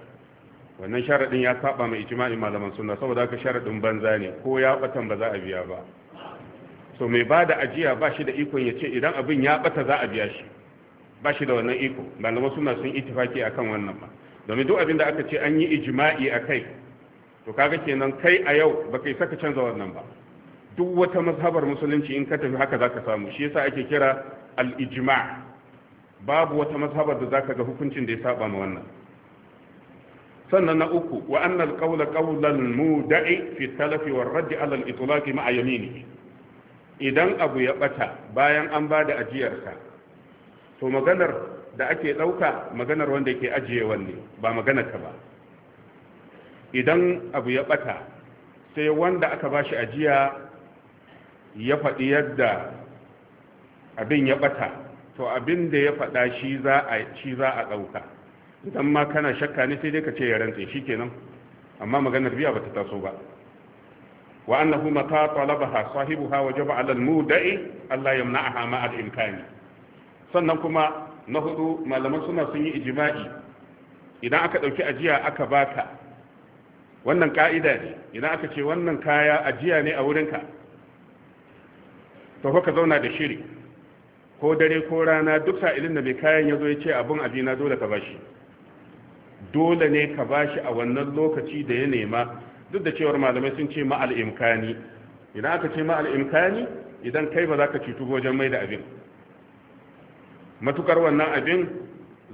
wannan sharadin ya saba mai ijma'in malaman sunna saboda haka sharadin banza ne ko ya batan ba za a biya ba so mai ba ajiya ba shi da ikon ya ce idan abin ya bata za a biya shi ba shi da wannan iko malaman suna sun itifaki akan wannan ba domin duk abin da aka ce an yi ijima'i a kai to kaga kenan kai a yau ba kai saka canza wannan ba duk wata mazhabar musulunci in ka tafi haka zaka samu shi yasa ake kira al-ijma' babu wata mazhabar da zaka ga hukuncin da ya saba ma wannan sannan na uku wa annal qawla qawlan muda'i fi talafi war radd ala al itlaq ma yamini idan abu ya bata bayan an bada ka to maganar da ake dauka maganar wanda yake ajiye wanne ba maganar ka ba idan abu ya bata sai wanda aka bashi ajiya ya faɗi yadda abin ya bata to abin da ya faɗa shi za a ɗauka idan ma kana shakka ne sai dai ka ce ya shi kenan amma maganar biya bata taso ba wa annahu mata talabaha sahibuha wajaba ba al-muda'i Allah ya yamna'aha ma al-imkani sannan kuma na hudu malaman suna sun yi ijma'i idan aka dauki ajiya aka baka wannan ka'ida ne idan aka ce wannan kaya ajiya ne a wurinka to ka zauna da shiri ko dare ko rana duk sa'ilin da mai kayan yazo ya ce abun abina dole ka bashi dole ne ka bashi a wannan lokaci da ya nema duk da cewar malamai sun ce ma al’imkani idan aka ce ma al’imkani idan kai ba za ka cutu wajen mai da abin matukar wannan abin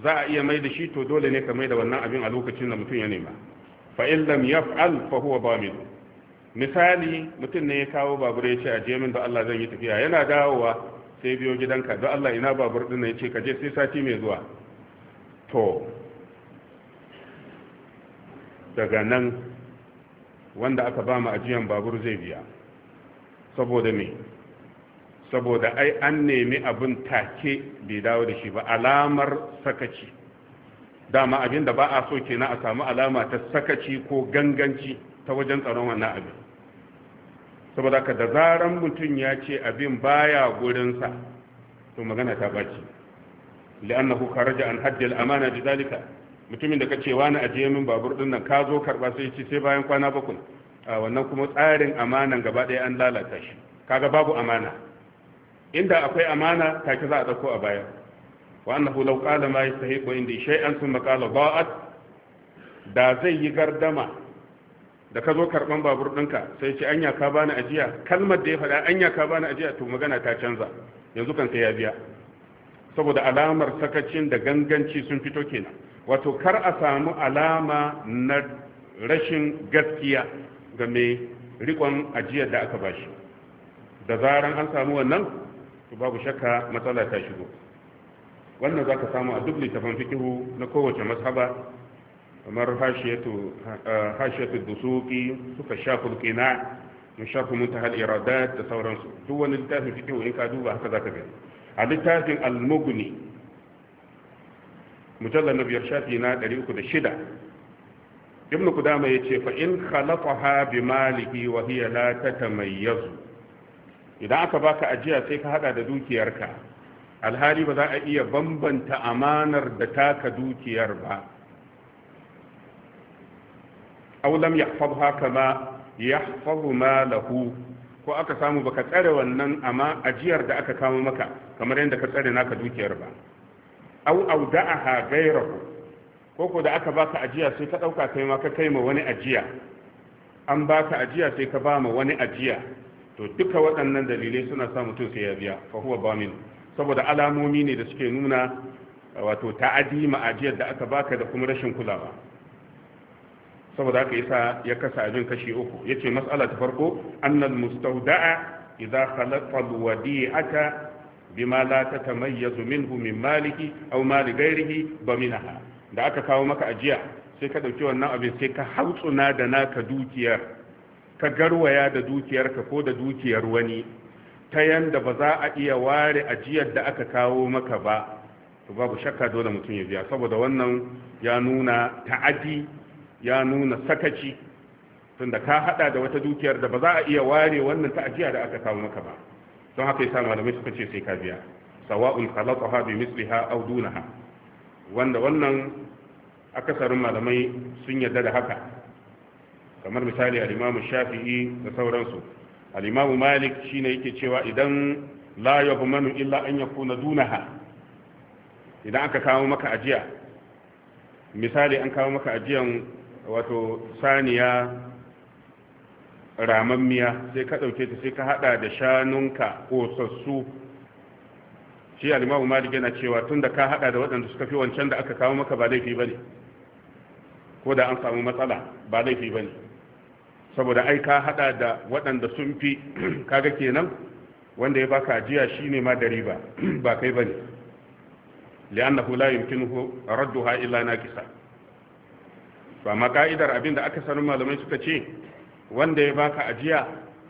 za a iya mai da shi to dole ne ka mai da wannan abin a lokacin da mutum ya nema fa’il da miyaf al-fahuwa ba misali mutum ne ya kawo babur ya ce a je min da Allah zan yi tafiya yana dawowa sai biyo gidanka don Allah ina babur ɗin ya ce ka je sai sati mai zuwa to daga nan wanda aka ba mu ajiyan babur zai biya saboda me saboda ai an nemi abin take bai dawo da shi ba alamar sakaci dama abin da ba a so kenan a samu alama ta sakaci ko ganganci ta wajen tsaron wannan abin saboda ka da zaran mutum ya ce abin baya gurinsa to magana ta baci li'annahu kharaja an haddil amana bi zalika mutumin da ka ce wani ajiye min babur din nan ka zo karba sai ci, sai bayan kwana A wannan kuma tsarin amanan gaba ɗaya an lalata shi kaga babu amana inda akwai amana ki za a dauko a baya wa annahu law qala ma yastahiqu indi shay'an thumma qala ba'at da zai yi gardama da ka zo karban babur ɗinka sai ce anya ka bani ajiya kalmar da ya faɗa anya ka bani ajiya to magana ta canza yanzu kan sai ya biya saboda alamar sakacin da ganganci sun fito kenan wato kar a samu alama na rashin gaskiya ga mai rikon ajiyar da aka bashi da zaran an samu wannan babu shakka matsala ta shigo wannan za ka samu a duk littafin fikihu na kowace mashaba kamar hashiyatu dusuki suka shafi kina mun shafi muntahal iradat da sauransu duk wani littafin fikihu in ka duba haka za ka gani a littafin al-mughni mujallar na biyar shafi na 306 ibn kudama ya ce fa in khalaqaha bi malihi wa hiya la tatamayyazu idan aka baka ajiya sai ka hada da dukiyarka alhali ba za a iya bambanta amanar da taka dukiyar ba aw lam yahfazha kama yahfazu malahu ko aka samu baka tsare wannan amma ajiyar da aka kama maka kamar yadda ka tsare naka dukiyar ba au auda'aha gairahu koko da aka baka ajiya sai ka dauka kai ma ka kai ma wani ajiya an baka ajiya sai ka ba ma wani ajiya to duka waɗannan dalilai suna sa mutum sai ya biya fa huwa bamin saboda alamomi ne da suke nuna wato ta'adi ma ajiyar da aka baka da kuma rashin kulawa saboda haka yasa ya kasa abin kashi uku yace mas'ala ta farko annal mustawda'a idza khalaqa alwadi'ata bima la tatamayyazu minhu min maliki aw mali ghairihi baminaha da aka kawo maka ajiya sai ka dauki wannan abin sai ka hautsuna da naka dukiyar ka garwaya da dukiyarka ko da dukiyar wani ta yanda ba za a iya ware ajiyar da aka kawo maka ba to babu shakka dole mutum ya biya saboda wannan ya nuna ta'adi ya nuna sakaci tunda ka hada da wata dukiyar da ba za a iya ware wannan ta'ajiya da aka kawo maka ba don haka yasa malamai suka ce sai ka biya sawa'un khalaqaha bi misliha aw dunaha wanda wannan akasarin malamai sun yarda da haka kamar misali al-Imam Shafi'i da sauransu al-Imam Malik shine yake cewa idan la yahmanu illa an yakuna dunaha idan aka kawo maka ajiya misali an kawo maka ajiyan wato saniya ramammiya sai ka ɗauke ta sai ka haɗa da shanunka ko sassu. shi alimamu malik yana cewa tunda ka haɗa da waɗanda suka fi wancan da aka kawo maka ba laifi ba ne ko da an samu matsala ba laifi ba ne saboda ai ka haɗa da waɗanda sun fi kaga kenan wanda ya baka ajiya shine ma da riba ba kai ba ne li'annahu la yumkinuhu radduha illa naqisa ba ma ka'idar abin da aka sanin malamai suka ce wanda ya baka ajiya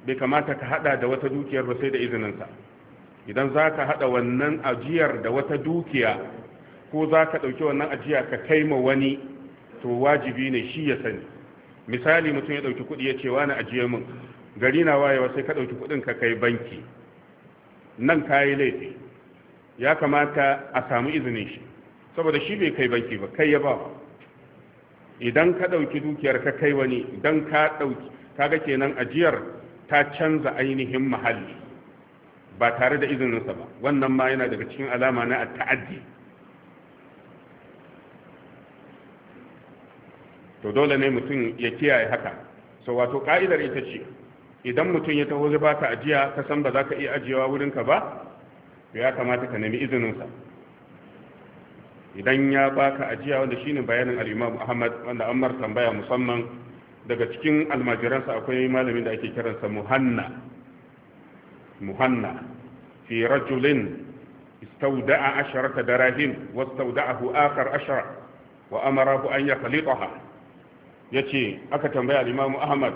bai kamata ka hada da wata dukiyar ba sai da izininsa idan za ka hada wannan ajiyar da wata dukiya ko za ka ɗauki wannan ajiya ka kai ma wani to wajibi ne shi ya sani misali mutum ya ɗauki kuɗi ya ce wani ajiye min gari na wayewa sai ka dauki kuɗin ka kai banki nan ka laifi ya kamata a samu izinin shi saboda shi bai kai banki ba kai ya ba idan ka ɗauki dukiyar ka kai wani idan ka ɗauki kaga kenan ajiyar ta canza ainihin mahalli ba tare da izininsa ba wannan ma yana daga cikin alama na ta'addi to dole ne mutum ya kiyaye haka so wato ka'idar ita ce idan mutum ya taho zai baka ajiya ka san ba za ka iya ajiyewa wurinka ba to ya kamata ka nemi izininsa idan ya baka ajiya wanda shine bayanin al-Imam Ahmad wanda Ammar tambaya musamman daga cikin almajiransa akwai malamin da ake kiransa muhanna muhanna fi rajulin istauda'a asharata darahim wastauda'ahu akhar ashara wa amarahu an yakhliqaha yace aka tambaya al-imamu ahmad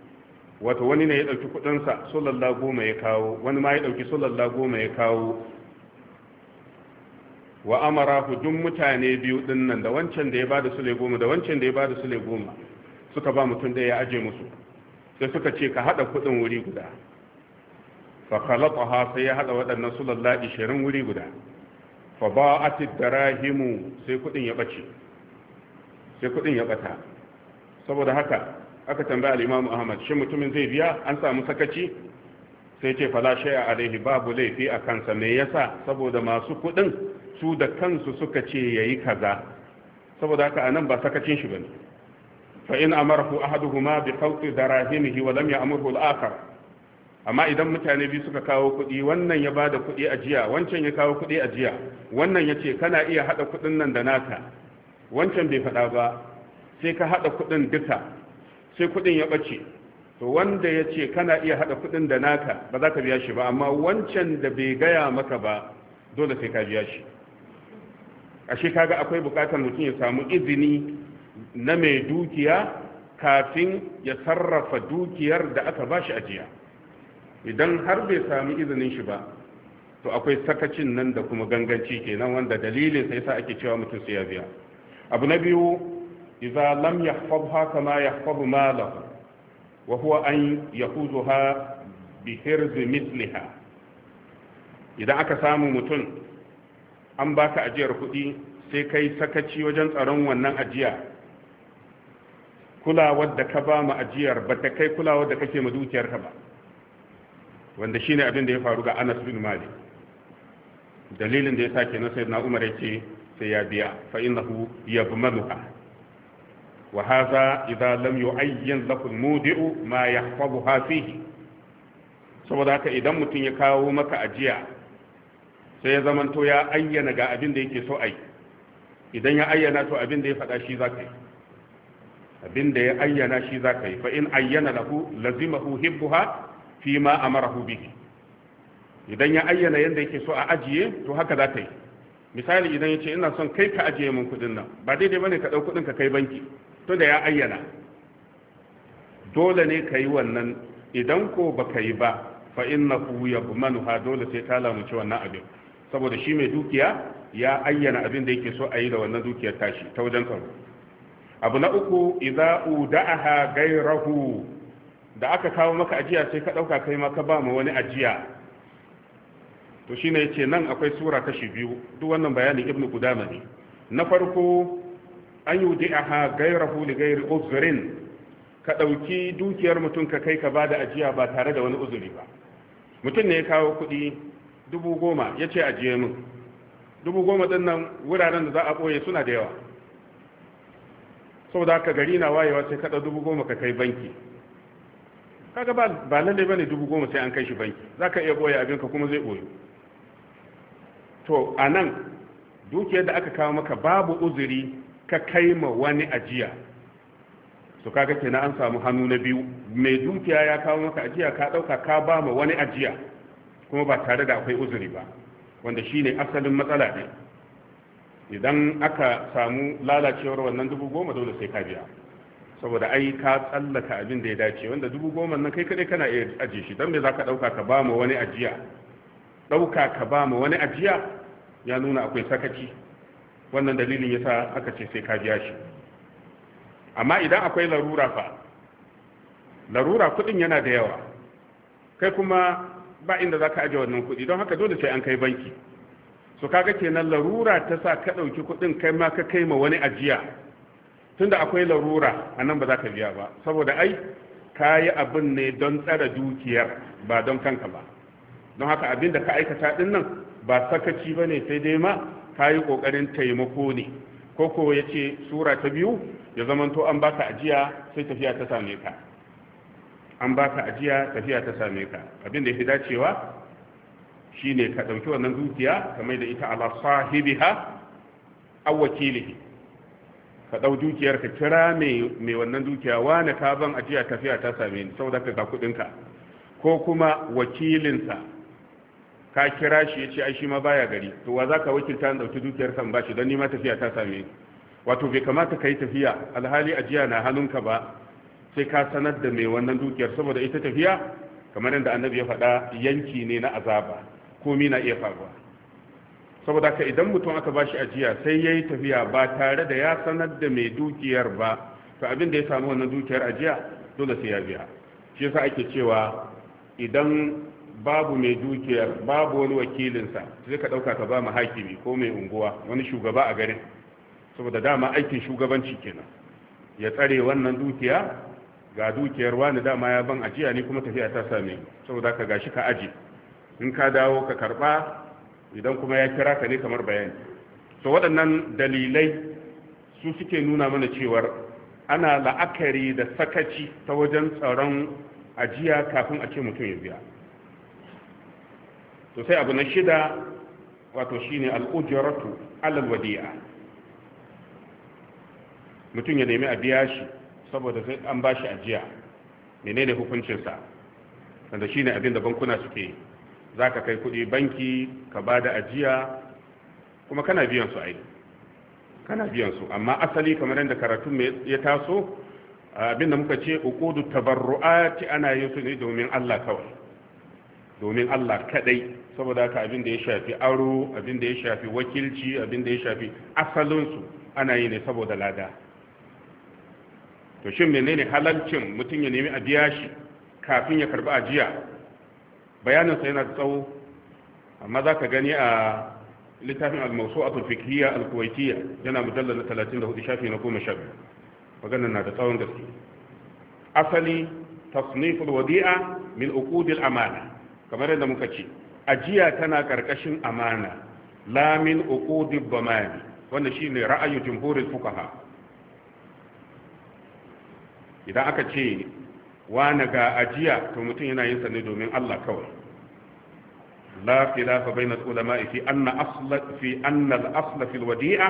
wato wani ne ya dauki kudin sa sallallahu goma ya kawo wani ma ya dauki sallallahu goma ya kawo wa amarahu duk mutane biyu dinnan da wancan da ya bada sule goma da wancan da ya bada sule goma suka ba mutum da ya aje musu sai suka ce ka hada kudin wuri guda fa ha sai ya hada waɗannan sulalla shirin wuri guda fa ba'at darahimu sai kudin ya bace sai kudin ya bata saboda haka aka tambaya al-Imam Ahmad shin mutumin zai biya an samu sakaci sai ce fala shay'a alaihi babu laifi a kansa me yasa saboda masu kudin su da kansu suka ce yayi kaza saboda haka anan ba sakacin shi bane فإن أمره أحدهما wa دراهمه ولم يأمره الآخر amma idan mutane biyu suka kawo kuɗi wannan ya bada kuɗi a jiya wancan ya kawo kuɗi a jiya wannan ya ce kana iya haɗa kuɗin nan da naka wancan bai faɗa ba sai ka haɗa kuɗin duka sai kuɗin ya ɓace to wanda ya ce kana iya haɗa kuɗin da naka ba za ka biya shi ba amma wancan da bai gaya maka ba dole sai ka biya shi ashe kaga akwai buƙatar mutum ya samu izini na mai dukiya kafin ya sarrafa dukiyar da aka ba shi ajiya idan har bai sami izinin shi ba to akwai sakacin nan da kuma ganganci kenan wanda dalilin sai sa ake cewa mutum sai ya biya abu na biyu idza lam yahfazha kama yahfazu malahu wa huwa an yahuzuha bi hirz mithliha idan aka samu mutum an baka ajiyar kuɗi sai kai sakaci wajen tsaron wannan ajiya kulawar da ka ba mu ajiyar ba ta kai kulawar da kake ma dukiyarka ba wanda shine abin da ya faru ga Anas bin Malik dalilin da ya sa na sayyidina Umar ce sai ya biya fa innahu yabmanuha wa hadha idza lam yu'ayyan lakum mudiu ma yahfazuha fihi saboda haka idan mutum ya kawo maka ajiya sai ya zamanto ya ayyana ga abin da yake so ai idan ya ayyana to abin da ya faɗa shi za yi abinda ya ayyana shi za ka yi fa in ayyana lahu lazimahu hibbuha fi ma amarahu bihi idan ya ayyana yanda yake so a ajiye to haka za ta yi misali idan yace ina son kai ka ajiye min kudin nan ba daidai bane ka dau kudin ka kai banki to da ya ayyana dole ne ka yi wannan idan ko ba ka yi ba fa innahu yabmanuha dole sai ta lamuci wannan abin saboda shi mai dukiya ya ayyana abin da yake so a yi da wannan dukiyar tashi ta wajen tsaro abu na uku idza uda'aha gairahu da aka kawo maka ajiya sai ka dauka kai ma ka ba mu wani ajiya to shine yace nan akwai sura kashi biyu duk wannan bayanin ibnu qudama ne na farko an yudi'aha gairahu li gairi uzrin ka dauki dukiyar mutum ka kai ka bada ajiya ba tare da wani uzuri ba mutum ne ya kawo kuɗi dubu goma ya ce ajiye min dubu goma dinnan, wuraren da za a ɓoye suna da yawa saboda haka gari na wayewa sai kada dubu goma ka kai banki kaga ba ba lalle bane dubu goma sai an kai shi banki zaka iya boye abin ka kuma zai boye to anan dukiyar da aka kawo maka babu uzuri ka kai ma wani ajiya to kaga kenan an samu hannu na biyu mai dukiya ya kawo maka ajiya ka dauka ka ba ma wani ajiya kuma ba tare da akwai uzuri ba wanda shine asalin matsala ne idan aka samu lalacewar wannan dubu goma dole sai ka biya saboda ai ka tsallaka abin da ya dace wanda dubu goma nan kai kadai kana iya ajiye shi don me za ka ɗauka ka ba mu wani ajiya ɗauka ka ba mu wani ajiya ya nuna akwai sakaci wannan dalilin yasa aka ce sai ka biya shi amma idan akwai larura fa larura kuɗin yana da yawa kai kuma ba inda za ka ajiye wannan kuɗi don haka dole sai an kai banki so kaga kenan larura ta sa ka ɗauki kuɗin kai ma ka kai ma wani ajiya tunda akwai larura a nan ba za ka biya ba saboda ai ka abin ne don tsara dukiyar ba don kanka ba don haka abin da ka aikata ɗin nan ba sakaci ba ne sai dai ma ka yi ƙoƙarin taimako ne ko ya ce sura ta biyu ya zamanto an baka ajiya sai tafiya ta same ka an baka ajiya tafiya ta same ka abin da ya fi dacewa shine ka ɗauki wannan dukiya ka mai da ita ala sahibiha aw wakilihi ka ɗau dukiyar ka kira mai wannan dukiya wane ka ban ajiya tafiya ta same ni saboda ka ga kuɗinka ko kuma wakilinsa ka kira shi ya ce ai shi ma baya gari to wa za ka wakilta na ɗauki dukiyar kan ba shi don nima tafiya ta same ni wato bai kamata ka yi tafiya alhali ajiya na hannunka ba sai ka sanar da mai wannan dukiyar saboda ita tafiya kamar yadda annabi ya faɗa yanki ne na azaba komi na iya faruwa saboda ka idan mutum aka ba shi ajiya sai ya yi tafiya ba tare da ya sanar da mai dukiyar ba to abin da ya samu wannan dukiyar ajiya dole sai ya biya shi yasa ake cewa idan babu mai dukiyar babu wani wakilinsa sai ka ɗauka ka ba mu hakimi ko mai unguwa wani shugaba a garin saboda dama aikin shugabanci kenan ya tsare wannan dukiya ga dukiyar wani dama ya ban ajiya ne kuma tafiya ta same saboda ka gashi ka aji in ka dawo ka karba idan kuma ya kira ka ne kamar bayani so waɗannan dalilai su suke nuna mana cewar ana la'akari da sakaci ta wajen tsaron ajiya kafin a ce mutum ya biya to sai abu na shida wato shine al'ujaratu alal wadi'a mutum ya nemi a biya shi saboda sai an bashi ajiya menene hukuncinsa wanda shine abin da bankuna suke yi za ka kai kuɗi banki ka ba da ajiya kuma kana biyan su aiki kana biyan su amma asali kamar yadda karatun ya taso abin muka ce uqudu tabarru'ati ana yin su ne domin Allah kawai domin Allah kadai saboda haka abin da ya shafi aro abin da ya shafi wakilci abin da ya shafi asalinsu, ana yi ne saboda lada to shin menene halalcin mutum ya nemi a biya shi kafin ya karbi ajiya bayaninsa yana da tsawo amma za ka gani a littafin almasu a tulfikiyya alkuwaitiyya yana mujallar na 34 shafi na 12 Maganin na da tsawon gaske asali tasniful wadi'a min uqudil amana kamar yadda muka ce ajiya tana karkashin amana la min uqudil bamani wannan shine ra'ayin jumhurul fuqaha idan aka ce Wanaga ga ajiya to mutum yana yin sa ne domin Allah kawai la khilafa bayna ulama fi anna asla fi anna al-asla fi al-wadi'a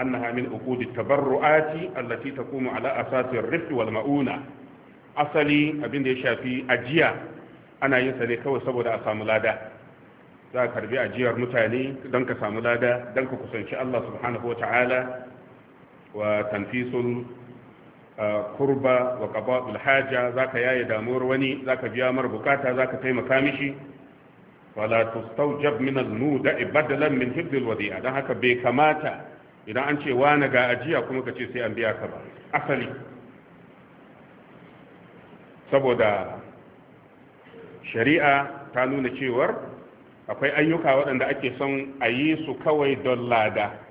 annaha min uqud at-tabarru'ati allati taqumu ala asasi ar-rifq wal ma'una asali abin da ya shafi ajiya ana yin sa ne kawai saboda a samu lada za a karbi ajiyar mutane don ka samu lada don ka kusanci Allah subhanahu wa ta'ala wa tanfisul kurba wa qaba'ul za zaka yaye damuwar wani zaka biya mar bukata zaka taimaka mishi wala Jab min al da ibadalan min hibd wadia dan haka bai kamata idan an ce wani ga ajiya kuma ka ce sai an biya ka ba asali saboda shari'a ta nuna cewar akwai ayyuka waɗanda ake son a yi su kawai don lada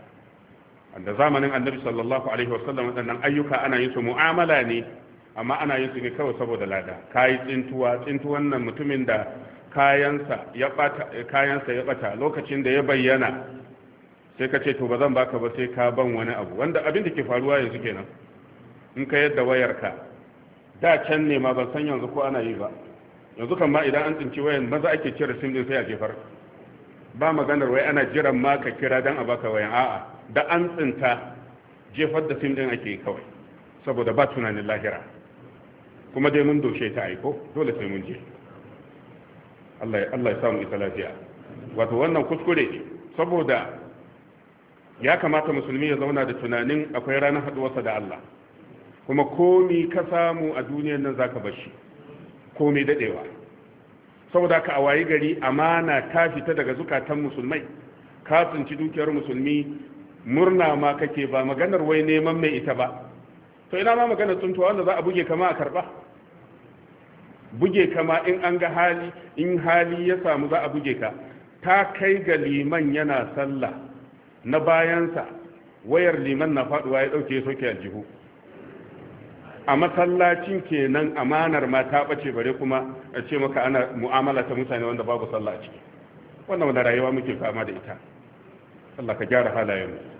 da zamanin annabi sallallahu alaihi wasallam waɗannan ayyuka ana yin su mu'amala ne amma ana yin su ne kawai saboda lada kayi tsintuwa tsintuwan nan mutumin da kayansa ya bata kayansa ya bata lokacin da ya bayyana sai ka ce to ba zan baka ba sai ka ban wani abu wanda abin da ke faruwa yanzu kenan in ka yadda wayarka da can ne ma ban san yanzu ko ana yi ba yanzu kan ma idan an tsinci wayan maza ake cire sim din sai a jefar ba maganar wai ana jiran ma ka kira dan a baka wayan a'a da an tsinta jefar da fim din ake kawai saboda ba tunanin lahira kuma dai mun doshe ta aiko dole sai mun je Allah ya samu ita lafiya wato wannan kuskure saboda ya kamata musulmi ya zauna da tunanin akwai ranar haduwarsa da Allah kuma komi ka samu a duniyar nan zaka bashi komi dadewa saboda ka a wayi gari amana ta fita daga zukatan musulmai ka tsinci dukiyar musulmi murna ma kake ba maganar wai neman mai ita ba to ina ma maganar tsuntuwa wanda za a buge kama a karba buge kama in an ga hali in hali ya samu za a buge ka ta kai ga liman yana sallah na bayansa wayar liman na faduwa ya dauke soke aljihu a masallacin kenan amanar ma ta bace bare kuma a ce maka ana mu'amala ta mutane wanda babu sallah a ciki wannan wanda rayuwa muke fama da ita Allah ka gyara halayenmu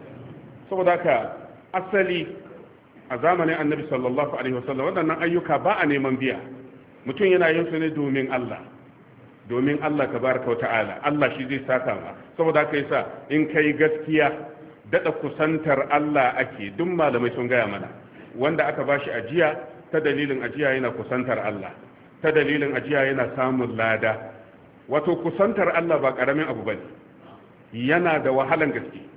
saboda haka asali a zamanin annabi sallallahu alaihi wasallam waɗannan ayyuka ba a neman biya mutum yana yin su ne domin Allah domin Allah tabaraka wa ta'ala Allah shi zai saka ma saboda haka yasa in kai gaskiya dada kusantar Allah ake duk malamai sun gaya mana wanda aka bashi ajiya ta dalilin ajiya yana kusantar Allah ta dalilin ajiya yana samun lada wato kusantar Allah ba karamin abu bane yana da wahalan gaske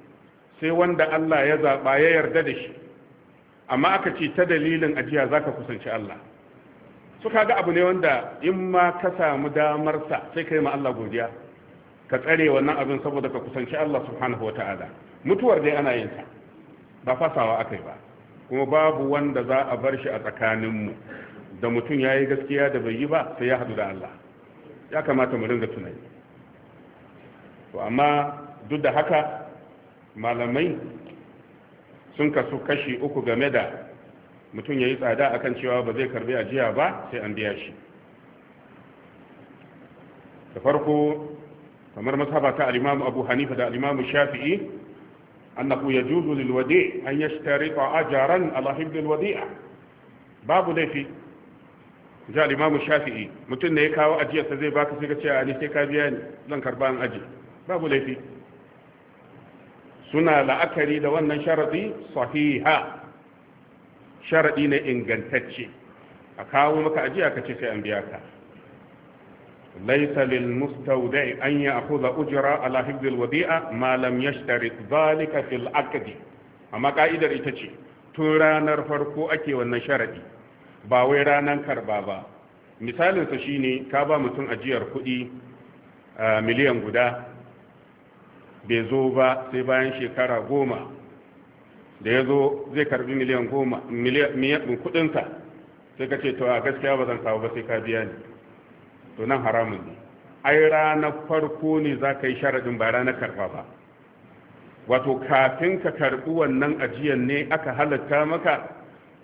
sai wanda Allah ya zaɓa ya yarda da shi amma aka ce ta dalilin ajiya za ka kusanci Allah su kaga abu ne wanda in ma ka samu damarsa sai ka yi ma Allah godiya ka tsare wannan abin saboda ka kusanci Allah subhanahu wa ta'ala mutuwar dai ana yin ta ba fasawa akai ba kuma babu wanda za a bar shi a tsakaninmu da mutum ya yi gaskiya da bai yi ba sai ya hadu da Allah ya kamata mu ringa tunani to amma duk da haka malamai sun kasu kashi uku game da mutum ya yi tsada akan cewa ba zai karbi ajiya ba sai an biya shi da farko kamar masaba ta alimamu abu hanifa da alimamu shafi'i annahu ya juzu lilwadi an ya shitari ajaran alahib lilwadi'a babu laifi ji alimamu shafi'i mutum ne ya kawo ajiyarsa zai baka sai ka ce a ni sai ka biya ni zan karba an aji babu laifi suna la'akari da wannan sharadi sahiha sharadi ne ingantacce a kawo maka ajiya ka ce sai an biya ka laisa lil mustawdi an ya'khudha ujra ala malam al wadi'a ma lam yashtarit dhalika fil aqd amma ka'idar ita ce tun ranar farko ake wannan sharadi ba wai ranar karba ba misalinsa shine ka ba mutum ajiyar kuɗi ah, miliyan guda bai zo ba sai bayan shekara goma da ya zo zai karbi miliyan goma miliyan kudinka sai ka ce to a gaskiya ba zan kawo ba sai ka biya ni to nan haramun ne ai ranar farko ne za ka yi sharadin ba ranar karfa ba wato kafin ka karbi wannan ajiyar ne aka halatta maka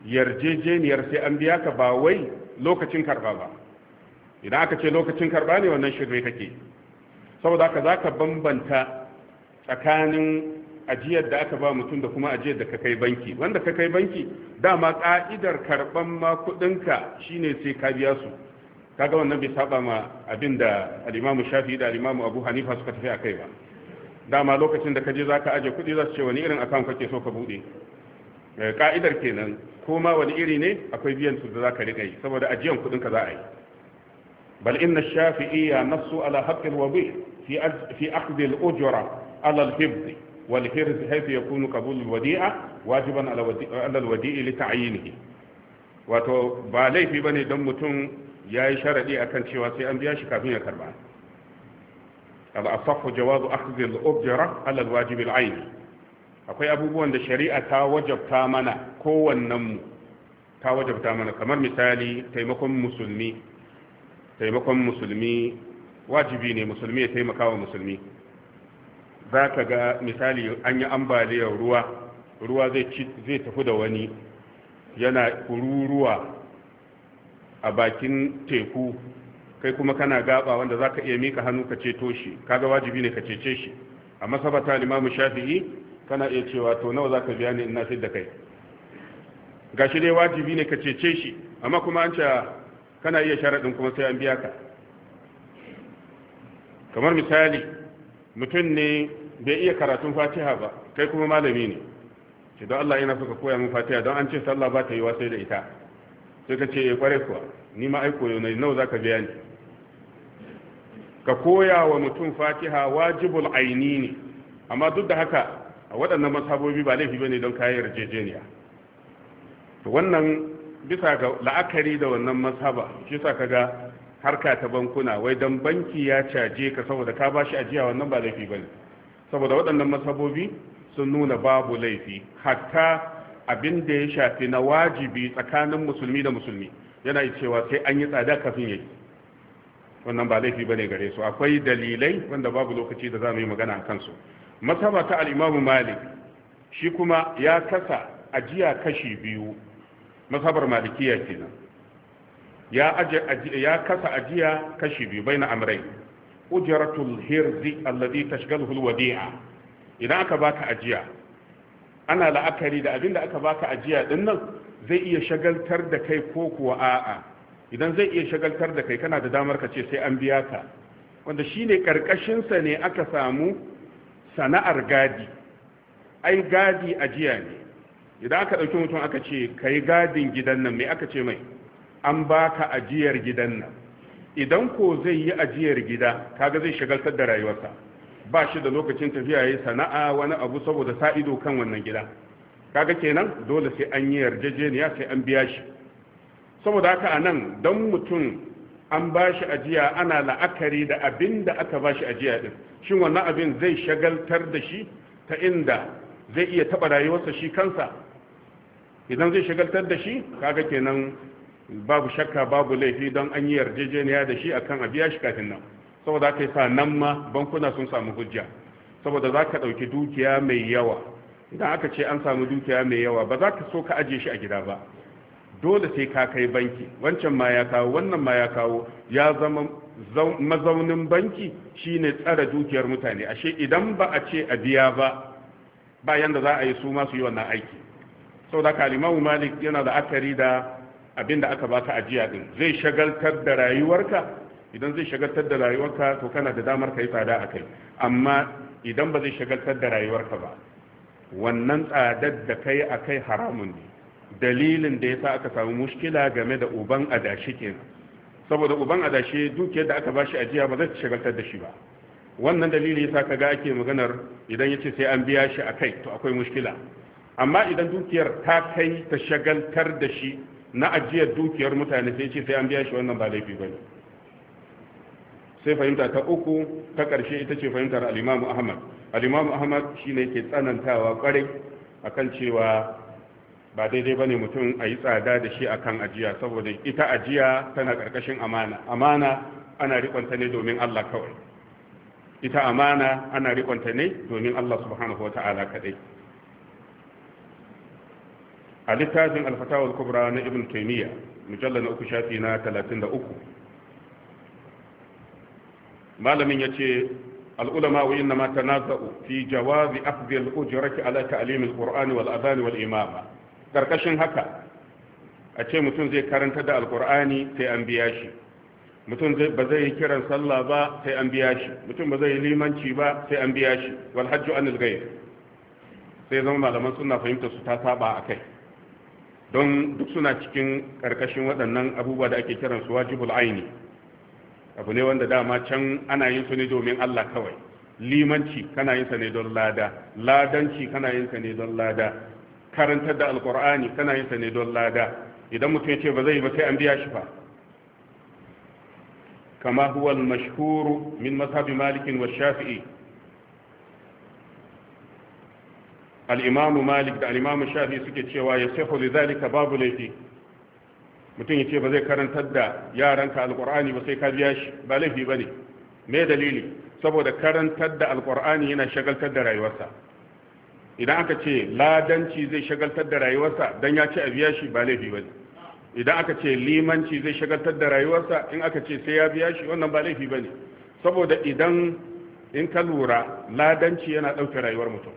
yarjejeniyar sai an biya ka ba wai lokacin karɓa ba idan aka ce lokacin karɓa ne wannan shirme kake saboda haka za ka bambanta tsakanin ajiyar da aka ba mutum da kuma ajiyar da ka kai banki wanda ka kai banki dama ka'idar karban ma kudinka shine sai ka biya su kaga wannan bai saba ma abin da al-Imam da alimamu Abu Hanifa suka tafi akai ba dama lokacin da ka je ka aje kudi za su ce wani irin account kake so ka buɗe ka'idar eh, kenan ko ma wani iri ne akwai biyan su da zaka riƙa yi saboda ajiyan kudin ka za a yi bal inna shafi'iyya nasu ala haqqil wabi fi fi akhdhi al-ujra على الحفظ والحرز حيث يكون قبول الوديعة واجبا على الوديع لتعيينه wato ba laifi ba ne don mutum ya yi sharaɗi a kan cewa sai an biya shi kafin ya karba al'asafu jawazu akhdhil ujra ala alwajib al'ayn akwai abubuwan da shari'a ta wajabta mana kowannen mu ta wajabta mana kamar misali taimakon musulmi taimakon musulmi wajibi ne musulmi ya taimaka wa musulmi za ka ga misali an yi ambaliyar ruwa ruwa zai tafi da wani yana kururuwa a bakin teku kai kuma kana gaba wanda za ka iya mika hannu ka ceto shi kaga wajibi ne ka cece shi a masabata limamu shafi'i kana iya cewa to nawa za ka biya ni ina sai da kai ga shi dai wajibi ne ka cece shi amma kuma an ce kana iya sharaɗin kuma sai an biya ka kamar misali mutum ne bai iya karatun fatiha ba kai kuma malami ne ce don Allah yana suka koya min fatiha don an ce sallah ba ta yi sai da ita sai ka ce ya eh, kware kuwa ni ma ai koyo ne nawa zaka biya ni ka koya wa mutum fatiha wajibul aini ne amma duk da haka a waɗannan masabobi ba laifi bane don kayan yarjejeniya to wannan bisa ga la'akari da wannan masaba shi sa kaga harka ta bankuna wai dan banki ya caje ka saboda ka bashi ajiya wannan ba laifi bane saboda waɗannan masabobi sun nuna babu laifi hatta abin da ya shafi na wajibi tsakanin musulmi da musulmi yana cewa sai an yi tsada kafin yi. wannan ba laifi bane gare su akwai dalilai wanda babu lokaci da za mu yi magana a kansu masaba ta al'imamu malik shi kuma ya kasa ajiya kashi biyu masabar malikiya kenan ya kasa ajiya kashi biyu bai na amurai ujaratul hirzi alladhi tashghaluhu alwadi'a idan aka baka ajiya ana la'akari da abinda aka baka ajiya din nan zai iya shagaltar da kai ko kuwa a'a idan zai iya shagaltar da kai kana da damar ka ce sai an biya ka wanda shine karkashin sa ne aka samu sana'ar gadi ai gadi ajiya ne idan aka dauki mutum aka ce kai gadin gidan nan me aka ce mai an baka ajiyar gidan nan idan ko zai yi ajiyar gida kaga zai shagaltar da rayuwarsa ba shi da lokacin tafiya yayi sana'a wani abu saboda sa ido kan wannan gida kaga kenan dole sai an yi yarjejeniya sai an biya shi saboda haka anan dan mutum an ba shi ajiya ana la'akari da abin da aka ba shi ajiya din shin wannan abin zai shagaltar da shi ta inda zai iya taba rayuwarsa shi kansa idan zai shagaltar da shi kaga kenan babu shakka babu laifi don an yi yarjejeniya da shi akan a biya shi kafin nan saboda aka sa nan ma bankuna sun samu hujja saboda za ka ɗauki dukiya mai yawa idan aka ce an samu dukiya mai yawa ba za ka so ka ajiye shi a gida ba dole sai ka kai banki wancan ma ya kawo wannan ma ya kawo ya zama mazaunin banki shine tsara dukiyar mutane ashe idan ba a ce a biya ba ba yanda za a yi su ma su yi wannan aiki saboda kalimawu malik yana da akari da Abin da aka baka ajiya din zai shagaltar da rayuwarka idan zai shagaltar da rayuwarka to kana da damar kai tsada a kai amma idan ba zai shagaltar da rayuwarka ba wannan tsadar da kai a kai haramun ne dalilin da ya sa aka samu mushkila game da uban adashi ke saboda uban adashi dukiyar da aka bashi ajiya ba zai shagaltar da shi ba wannan dalili yasa kaga ake maganar idan ya ce sai an biya shi a kai to akwai mushkila amma idan dukiyar ta kai ta shagaltar da shi na ajiyar dukiyar mutane sai ce sai an biya shi wannan ba laifi ne. sai fahimta ta uku ta ƙarshe ita ce fahimtar alimamu Ahmad alimamu Ahmad shi ne ke tsanantawa kwarai kan cewa ba daidai ba ne mutum a yi tsada da shi a kan ajiya saboda ita ajiya tana ƙarƙashin amana amana ana rikonta ne domin Allah kawai ita amana ana rikonta ne domin Allah subhanahu ta'ala kadai a littafin alfatawar kubra na ibn taimiyya mujalla na uku shafi na 33 malamin ya ce al'ulama wa yin nama tanaza'u fi jawazi afdi al'ujiraki ala ta'alimin qur'ani wal azani wal imama karkashin haka a ce mutum zai karanta da alkur'ani sai an biya shi mutum ba zai yi kiran sallah ba sai an biya shi mutum ba zai yi limanci ba sai an biya shi wal hajju anil ghayr sai zama malaman suna fahimta su ta saba akai don duk suna cikin karkashin waɗannan abubuwa da ake kiransu wajibul aini abu ne wanda dama can ana yin su ne domin Allah kawai limanci kana yin sa ne don lada ladanci kana yin sa ne don lada karantar da alkur'ani kana yin sa ne don lada idan mutum ya ce ba zai ba sai an biya shi fa kama huwa al-mashhur min mazhabi malik wa shafi'i al'imamu malik da al'imamu shafi suke cewa ya sai hulu zalika babu laifi mutum ya ce ba zai karantar da yaranka alƙur'ani ba sai ka biya shi ba laifi ba ne me dalili saboda karantar da alƙur'ani yana shagaltar da rayuwarsa idan aka ce ladanci zai shagaltar da rayuwarsa don ya ce a biya shi ba laifi ba ne idan aka ce limanci zai shagaltar da rayuwarsa in aka ce sai ya biya shi wannan ba laifi ba ne saboda idan in ka lura ladanci yana ɗauke rayuwar mutum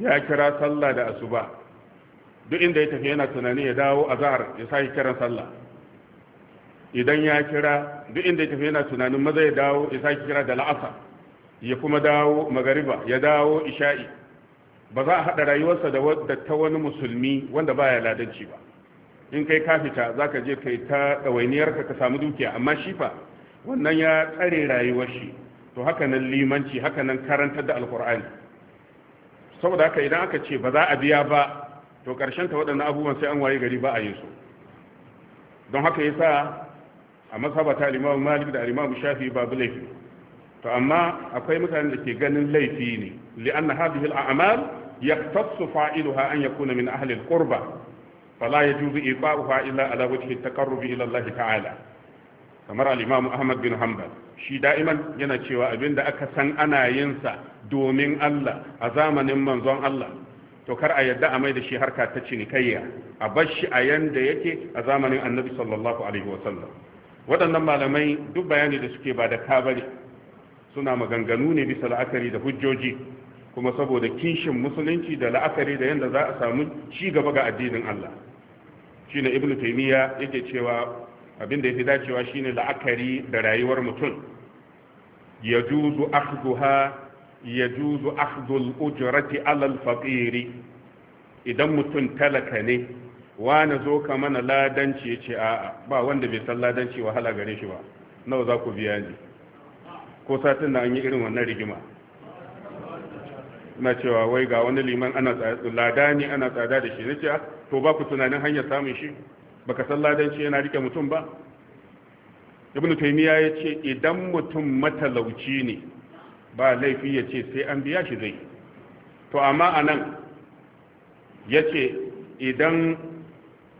ya kira sallah da asuba duk inda ya tafi yana tunani ya dawo azhar ya sai kiran sallah idan ya kira duk inda ya tafi yana tunanin maza ya dawo ya sai kira da la'asa ya kuma dawo magariba ya dawo isha'i ba za a haɗa rayuwarsa da ta wani musulmi wanda baya ladanci ba in kai ka fita za je kai ta ɗawainiyarka ka samu dukiya amma shi fa wannan ya tsare rayuwar shi to haka nan limanci haka nan karantar da alkur'ani saboda haka idan aka ce ba za a biya ba to karshen ta waɗannan abubuwan sai an waye gari ba a yi su don haka sa a masabata al Malik da al Shafi babu laifi to amma akwai mutanen da ke ganin laifi ne li'anna hadhihi ya amal yaqtasu ha an yakuna min ahalil al-qurba fala yajuzu iqa'uha illa ala wajhi at-taqarrub ila Allah ta'ala kamar al-imam ahmad bin hanbal shi da'iman yana cewa abinda aka san ana yin sa domin Allah a zamanin manzon Allah to kar a yadda a mai da shi harka ta cinikayya a bar shi a yanda yake a zamanin annabi sallallahu alaihi wasallam waɗannan malamai duk bayani da suke ba da kabari suna maganganu ne bisa la'akari da hujjoji kuma saboda kishin musulunci da la'akari da yadda za a samu ci gaba ga addinin Allah shine ibn taymiya yake cewa abin da ya fi dacewa shine la'akari da rayuwar mutum ya juzu akhduha ya juzu akhdul ujrati alal faqiri idan mutum talaka ne wani zo ka mana ladanci ya ce a'a ba wanda bai san ladanci wahala gare shi ba nawa za ku biya ni ko satin na an yi irin wannan rigima na cewa wai ga wani liman ana lada ladani ana tsada da shi na ce ah, to ba ku tunanin hanyar samun shi baka san ladanci yana rike mutum ba ibn taymiya ya ce idan mutum matalauci ne ba laifi ya ce sai an biya shi zai to amma anan nan ya ce idan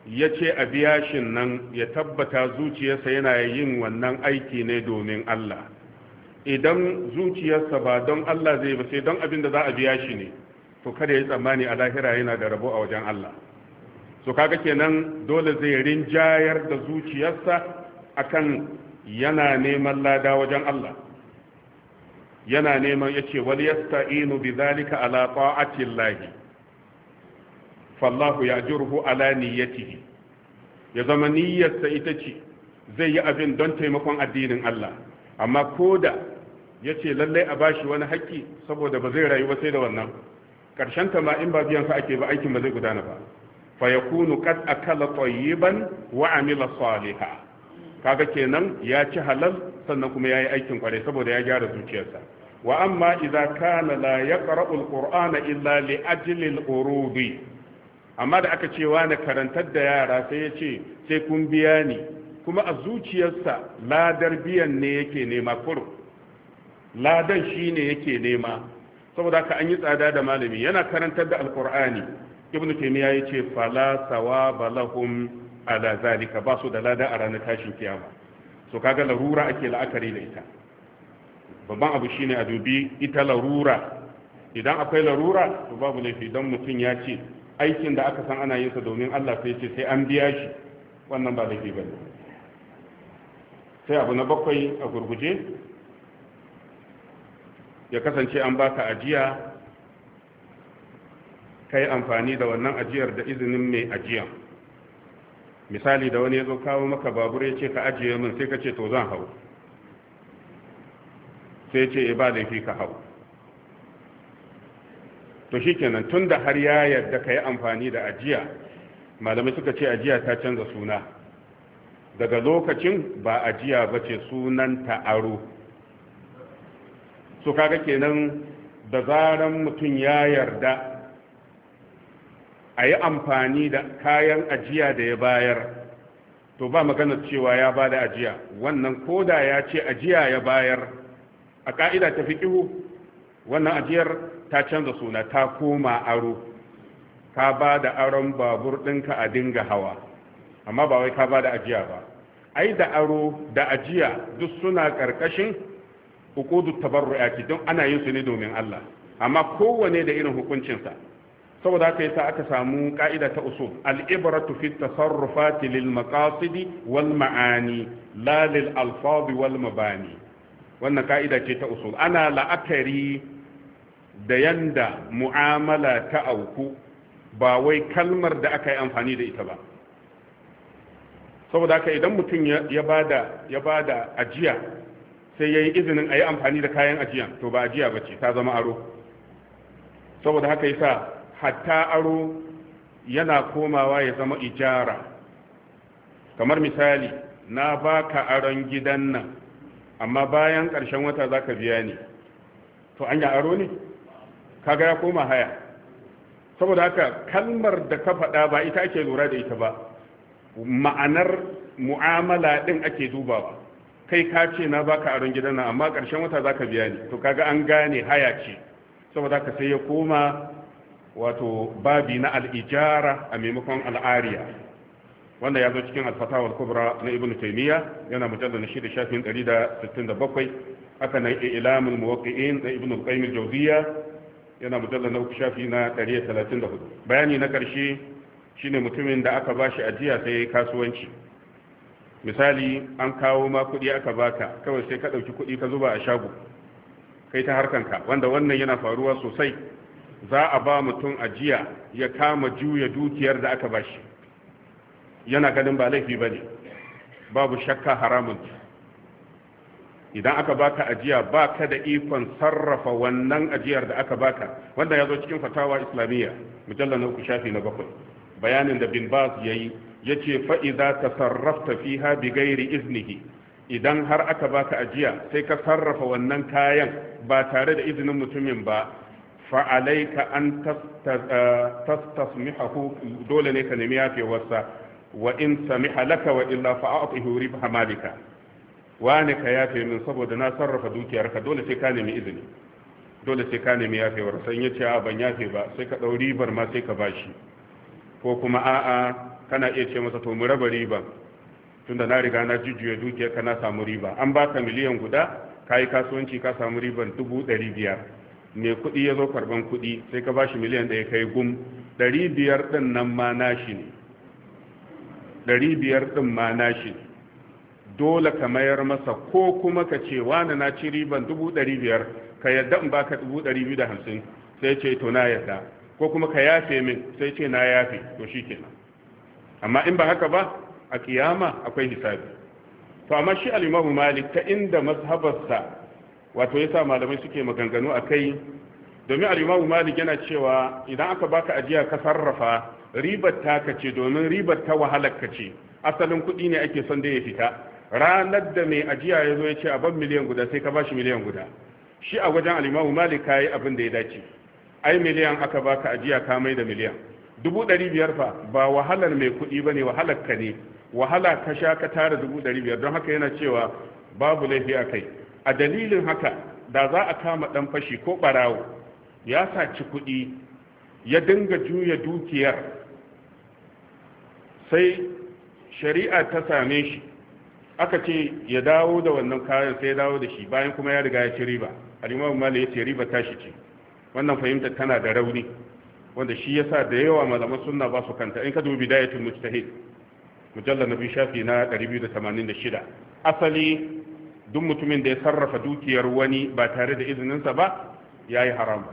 ya ce a biya shi nan ya tabbata zuciyarsa yana yin wannan aiki ne domin allah idan zuciyarsa ba don allah zai ba sai don abin da za a biya shi ne to kada ya yi tsammani a lahira yana da rabo a wajen allah so kaga kenan dole zai rinjayar da zuciyarsa akan yana neman lada wajen Allah yana neman yace wal yasta'inu bi zalika ala ta'ati llahi fallahu ya'juruhu ala niyyatihi ya zama niyyarsa ita ce zai yi abin don taimakon addinin Allah amma koda yace lalle a bashi wani haƙƙi saboda ba zai rayu ba sai da wannan ƙarshen ta ma in ba biyan sa ake ba aikin ba zai gudana ba Fayakunu kad a akala tayyiban wa amila kaga kenan ya ci halal sannan kuma yayi aikin kware saboda ya gyara zuciyarsa wa amma idza kana la yaqra'u alqur'ana illa li ajli amma da aka cewa na karantar da yara sai ya ce sai kun biya ni kuma a zuciyarsa ladar biyan ne yake nema kuro ladan shine yake nema saboda haka an yi tsada da malami yana karantar da alqur'ani ibn taymiya yace fala sawaba lahum ala zalika ba su da lada a ranar tashin kiyama so kaga larura ake la'akari da ita babban abu shine a dubi ita larura idan akwai larura to babu laifi don mutum ya ce aikin da aka san ana yin sa domin Allah sai ce sai an biya shi wannan ba laifi bane sai abu na bakwai a gurguje ya kasance an baka ajiya ka yi amfani da wannan ajiyar da izinin mai ajiya misali da wani ya zo kawo maka babur ya ce ka ajiye min sai ka ce to zan hau sai ce eh, ba laifi ka hau to kenan tun da har ya yarda ka yi amfani da ajiya malamai suka ce ajiya ta canza suna daga lokacin ba ajiya ba ce ta aro su kaga kenan da zaran mutum ya yarda a yi amfani da kayan ajiya da ya bayar to ba maganar cewa ya ba da ajiya wannan koda ya ce ajiya ya bayar a ka'ida ta fi ihu, wannan ajiyar ta canza suna ta koma aro ka ba da aron babur ɗinka a dinga hawa amma ba wai ka ba da ajiya ba ai da aro da ajiya duk suna ƙarƙashin hukudu tabarru'aki don ana yin su ne domin Allah amma kowane da irin hukuncinsa saboda haka yasa aka samu ka'ida ta usul alibratu ibratu fi tasarrufati lil maqasidi wal ma'ani la lil alfaz wal mabani wannan ka'ida ce ta usul ana la'akari da yanda mu'amala ta auku ba wai kalmar da aka yi amfani da ita ba saboda haka idan mutum ya bada ya bada ajiya sai yayi izinin a yi amfani da kayan ajiya to ba ajiya ce ta zama aro saboda haka yasa hatta aro yana komawa ya zama ijara kamar misali na baka aron gidan nan amma bayan ƙarshen wata za ka biya ni to an aro ne kaga ya koma haya saboda haka kalmar da ka faɗa ba ita ake lura da ita ba ma'anar mu'amala ɗin ake dubawa kai ka ce na baka aron gidan nan amma ƙarshen wata za ka biya ni to kaga an gane haya ce saboda haka sai ya koma wato babi na al'ijara a maimakon al'ariya wanda ya zo cikin alfatawar kubra na ibn taymiya yana mujallar na shida shafin 167 haka nan ilamul muwaqqi'in na ibn al-qayyim al yana mujallar na uku shafi na 134 bayani na karshe shine mutumin da aka bashi ajiya sai kasuwanci misali an kawo ma kuɗi aka baka kawai sai ka ɗauki kuɗi ka zuba a shago kai ta harkanka wanda wannan yana faruwa sosai za a ba mutum ajiya ya kama juya dukiyar da aka bashi yana ganin ba laifi ba ne babu shakka haramun idan aka baka ajiya ba ka da ikon sarrafa wannan ajiyar da aka baka wanda ya zo cikin fatawa islamiyya mujallar na uku shafi na bakwai bayanin da bin baz ya yi ya ce fa'iza ta sarrafta fiha bi gairi iznihi idan har aka baka ajiya sai ka sarrafa wannan kayan ba tare da izinin mutumin ba fa'alaika an tastasmihahu dole ne ka nemi yafewarsa wa in sami laka wa illa fa'atihu hamalika wa wani ka yafe min saboda na sarrafa dukiyarka dole sai ka nemi izini dole sai ka nemi yafewar sai ya ce a ban yafe ba sai ka ɗau ribar ma sai ka bashi ko kuma a'a kana iya ce masa to mu raba riban tunda na riga na jujjuya dukiyarka na samu riba an baka miliyan guda ka yi kasuwanci ka samu riban dubu ɗari biyar mai kuɗi ya zo karban kuɗi sai ka bashi miliyan ɗaya kai gum ɗari biyar ɗin nan ma nashi ne ɗari biyar ɗin ma nashi ne dole ka mayar masa ko kuma ka ce wani na ci riban dubu ɗari biyar ka yadda in baka dubu ɗari biyu da hamsin sai ce to na yadda ko kuma ka yafe min sai ce na yafe to shi kenan amma in ba haka ba a kiyama akwai hisabi to amma shi alimahu malik ta inda mazhabarsa wato yasa malamai suke maganganu a kai domin al'imamu malik yana cewa idan aka baka ajiya ka sarrafa ribar ta ce domin ribar ta wahalar kace asalin kuɗi ne ake son da ya fita ranar da mai ajiya ya zo ya ce a ban miliyan guda sai ka ba shi miliyan guda shi a wajen al'imamu malik ka yi abin da ya dace ai miliyan aka baka ajiya ka mai da miliyan dubu ɗari biyar fa ba wahalar mai kuɗi ba ne wahalar ka ne wahala ka sha ka tara dubu ɗari biyar don haka yana cewa babu laifi a kai a dalilin haka da za a kama dan fashi ko barawo ya saci kuɗi ya dinga juya dukiyar sai shari'a ta same shi aka ce ya dawo da wannan kayan sai ya dawo da shi bayan kuma ya riga ya ci riba alimamu mali ya ce riba tashi ce wannan fahimta tana da rauni wanda shi yasa da yawa malaman sunna ba su kanta in ka dubi bidayatul mujtahid mujallal nabi shafi na 286 asali duk mutumin da ya sarrafa dukiyar wani ba tare da izininsa ba ya yi haram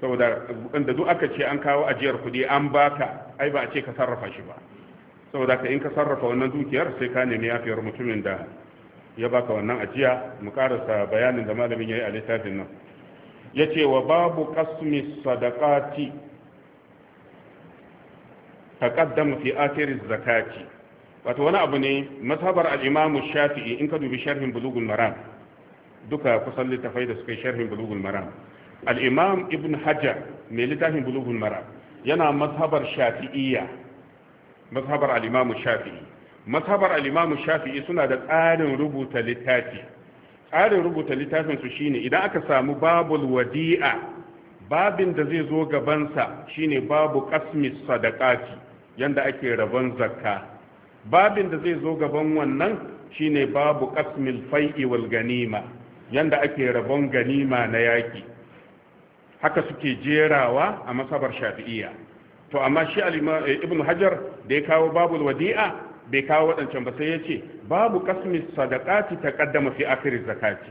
saboda da duk aka ce an kawo ajiyar kuɗi an baka ai ba a ce ka sarrafa shi ba saboda ka in ka sarrafa wannan dukiyar sai ka nemi yafiyar mutumin da ya baka wannan ajiya mu karasa bayanin da malamin ya yi a littafin nan ya ce wa babu kasmi sadakati ta fi atiris zakati wato wani abu ne mazhabar al-imamu shafi'i in ka dubi sharhin bulugul maram duka kusan littafai da suka yi sharhin bulugul maram al-imam ibn hajar mai littafin bulugul maram yana mazhabar shafi'iyya mazhabar al-imamu shafi'i mazhabar al-imamu shafi'i suna da tsarin rubuta littafi tsarin rubuta littafin su shine idan aka samu babul wadi'a babin da zai zo gabansa shine babu qasmi sadaqati yanda ake rabon zakka babin da zai zo gaban wannan shine babu qasmil fai'i wal ganima yanda ake rabon ganima na yaki haka suke jerawa a masabar shafi'iyya to amma shi eh, ibn hajar da ya kawo babul wadi'a bai kawo waɗancan ba sai ya ce babu qasmis sadaqati taqaddama fi akhir zakati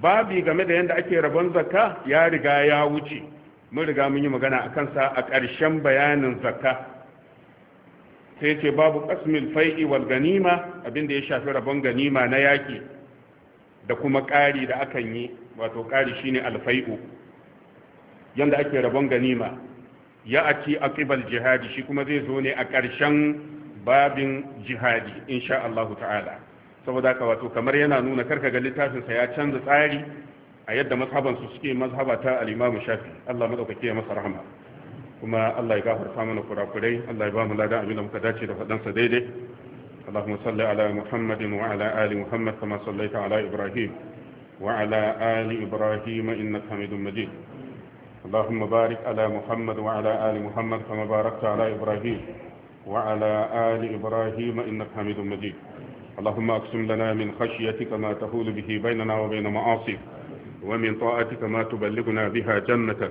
babi game da yanda ake rabon zakka ya riga ya wuce mun riga mun yi magana a kansa a ƙarshen bayanin zakka sai ce babu ƙasmin fai'i wal ganima abinda ya shafi rabon ganima na yaki da kuma ƙari da akan yi wato ƙari shine alfai'u yanda ake rabon ganima ya aci aqibal jihadi shi kuma zai zo ne a ƙarshen babin jihadi insha Allah ta'ala saboda haka wato kamar yana nuna karka ga littafin sa ya canza tsari a yadda mazhaban suke mazhaba ta al-Imam Shafi Allah ya masa rahama kuma Allah ya gafarta mana kurakurai Allah ya ba mu ladan abin da muka dace da fadansa daidai Allahumma salli ala Muhammadin wa ala ali Muhammad kama sallaita ala Ibrahim wa ali Ibrahim innaka Hamidum Majid Allahumma barik ala Muhammad wa ali Muhammad kama barakta ala Ibrahim wa ali Ibrahim innaka Hamidum Majid اللهم اقسم لنا من خشيتك ما تهول به بيننا وبين معاصيك ومن طاعتك ما تبلغنا بها جنتك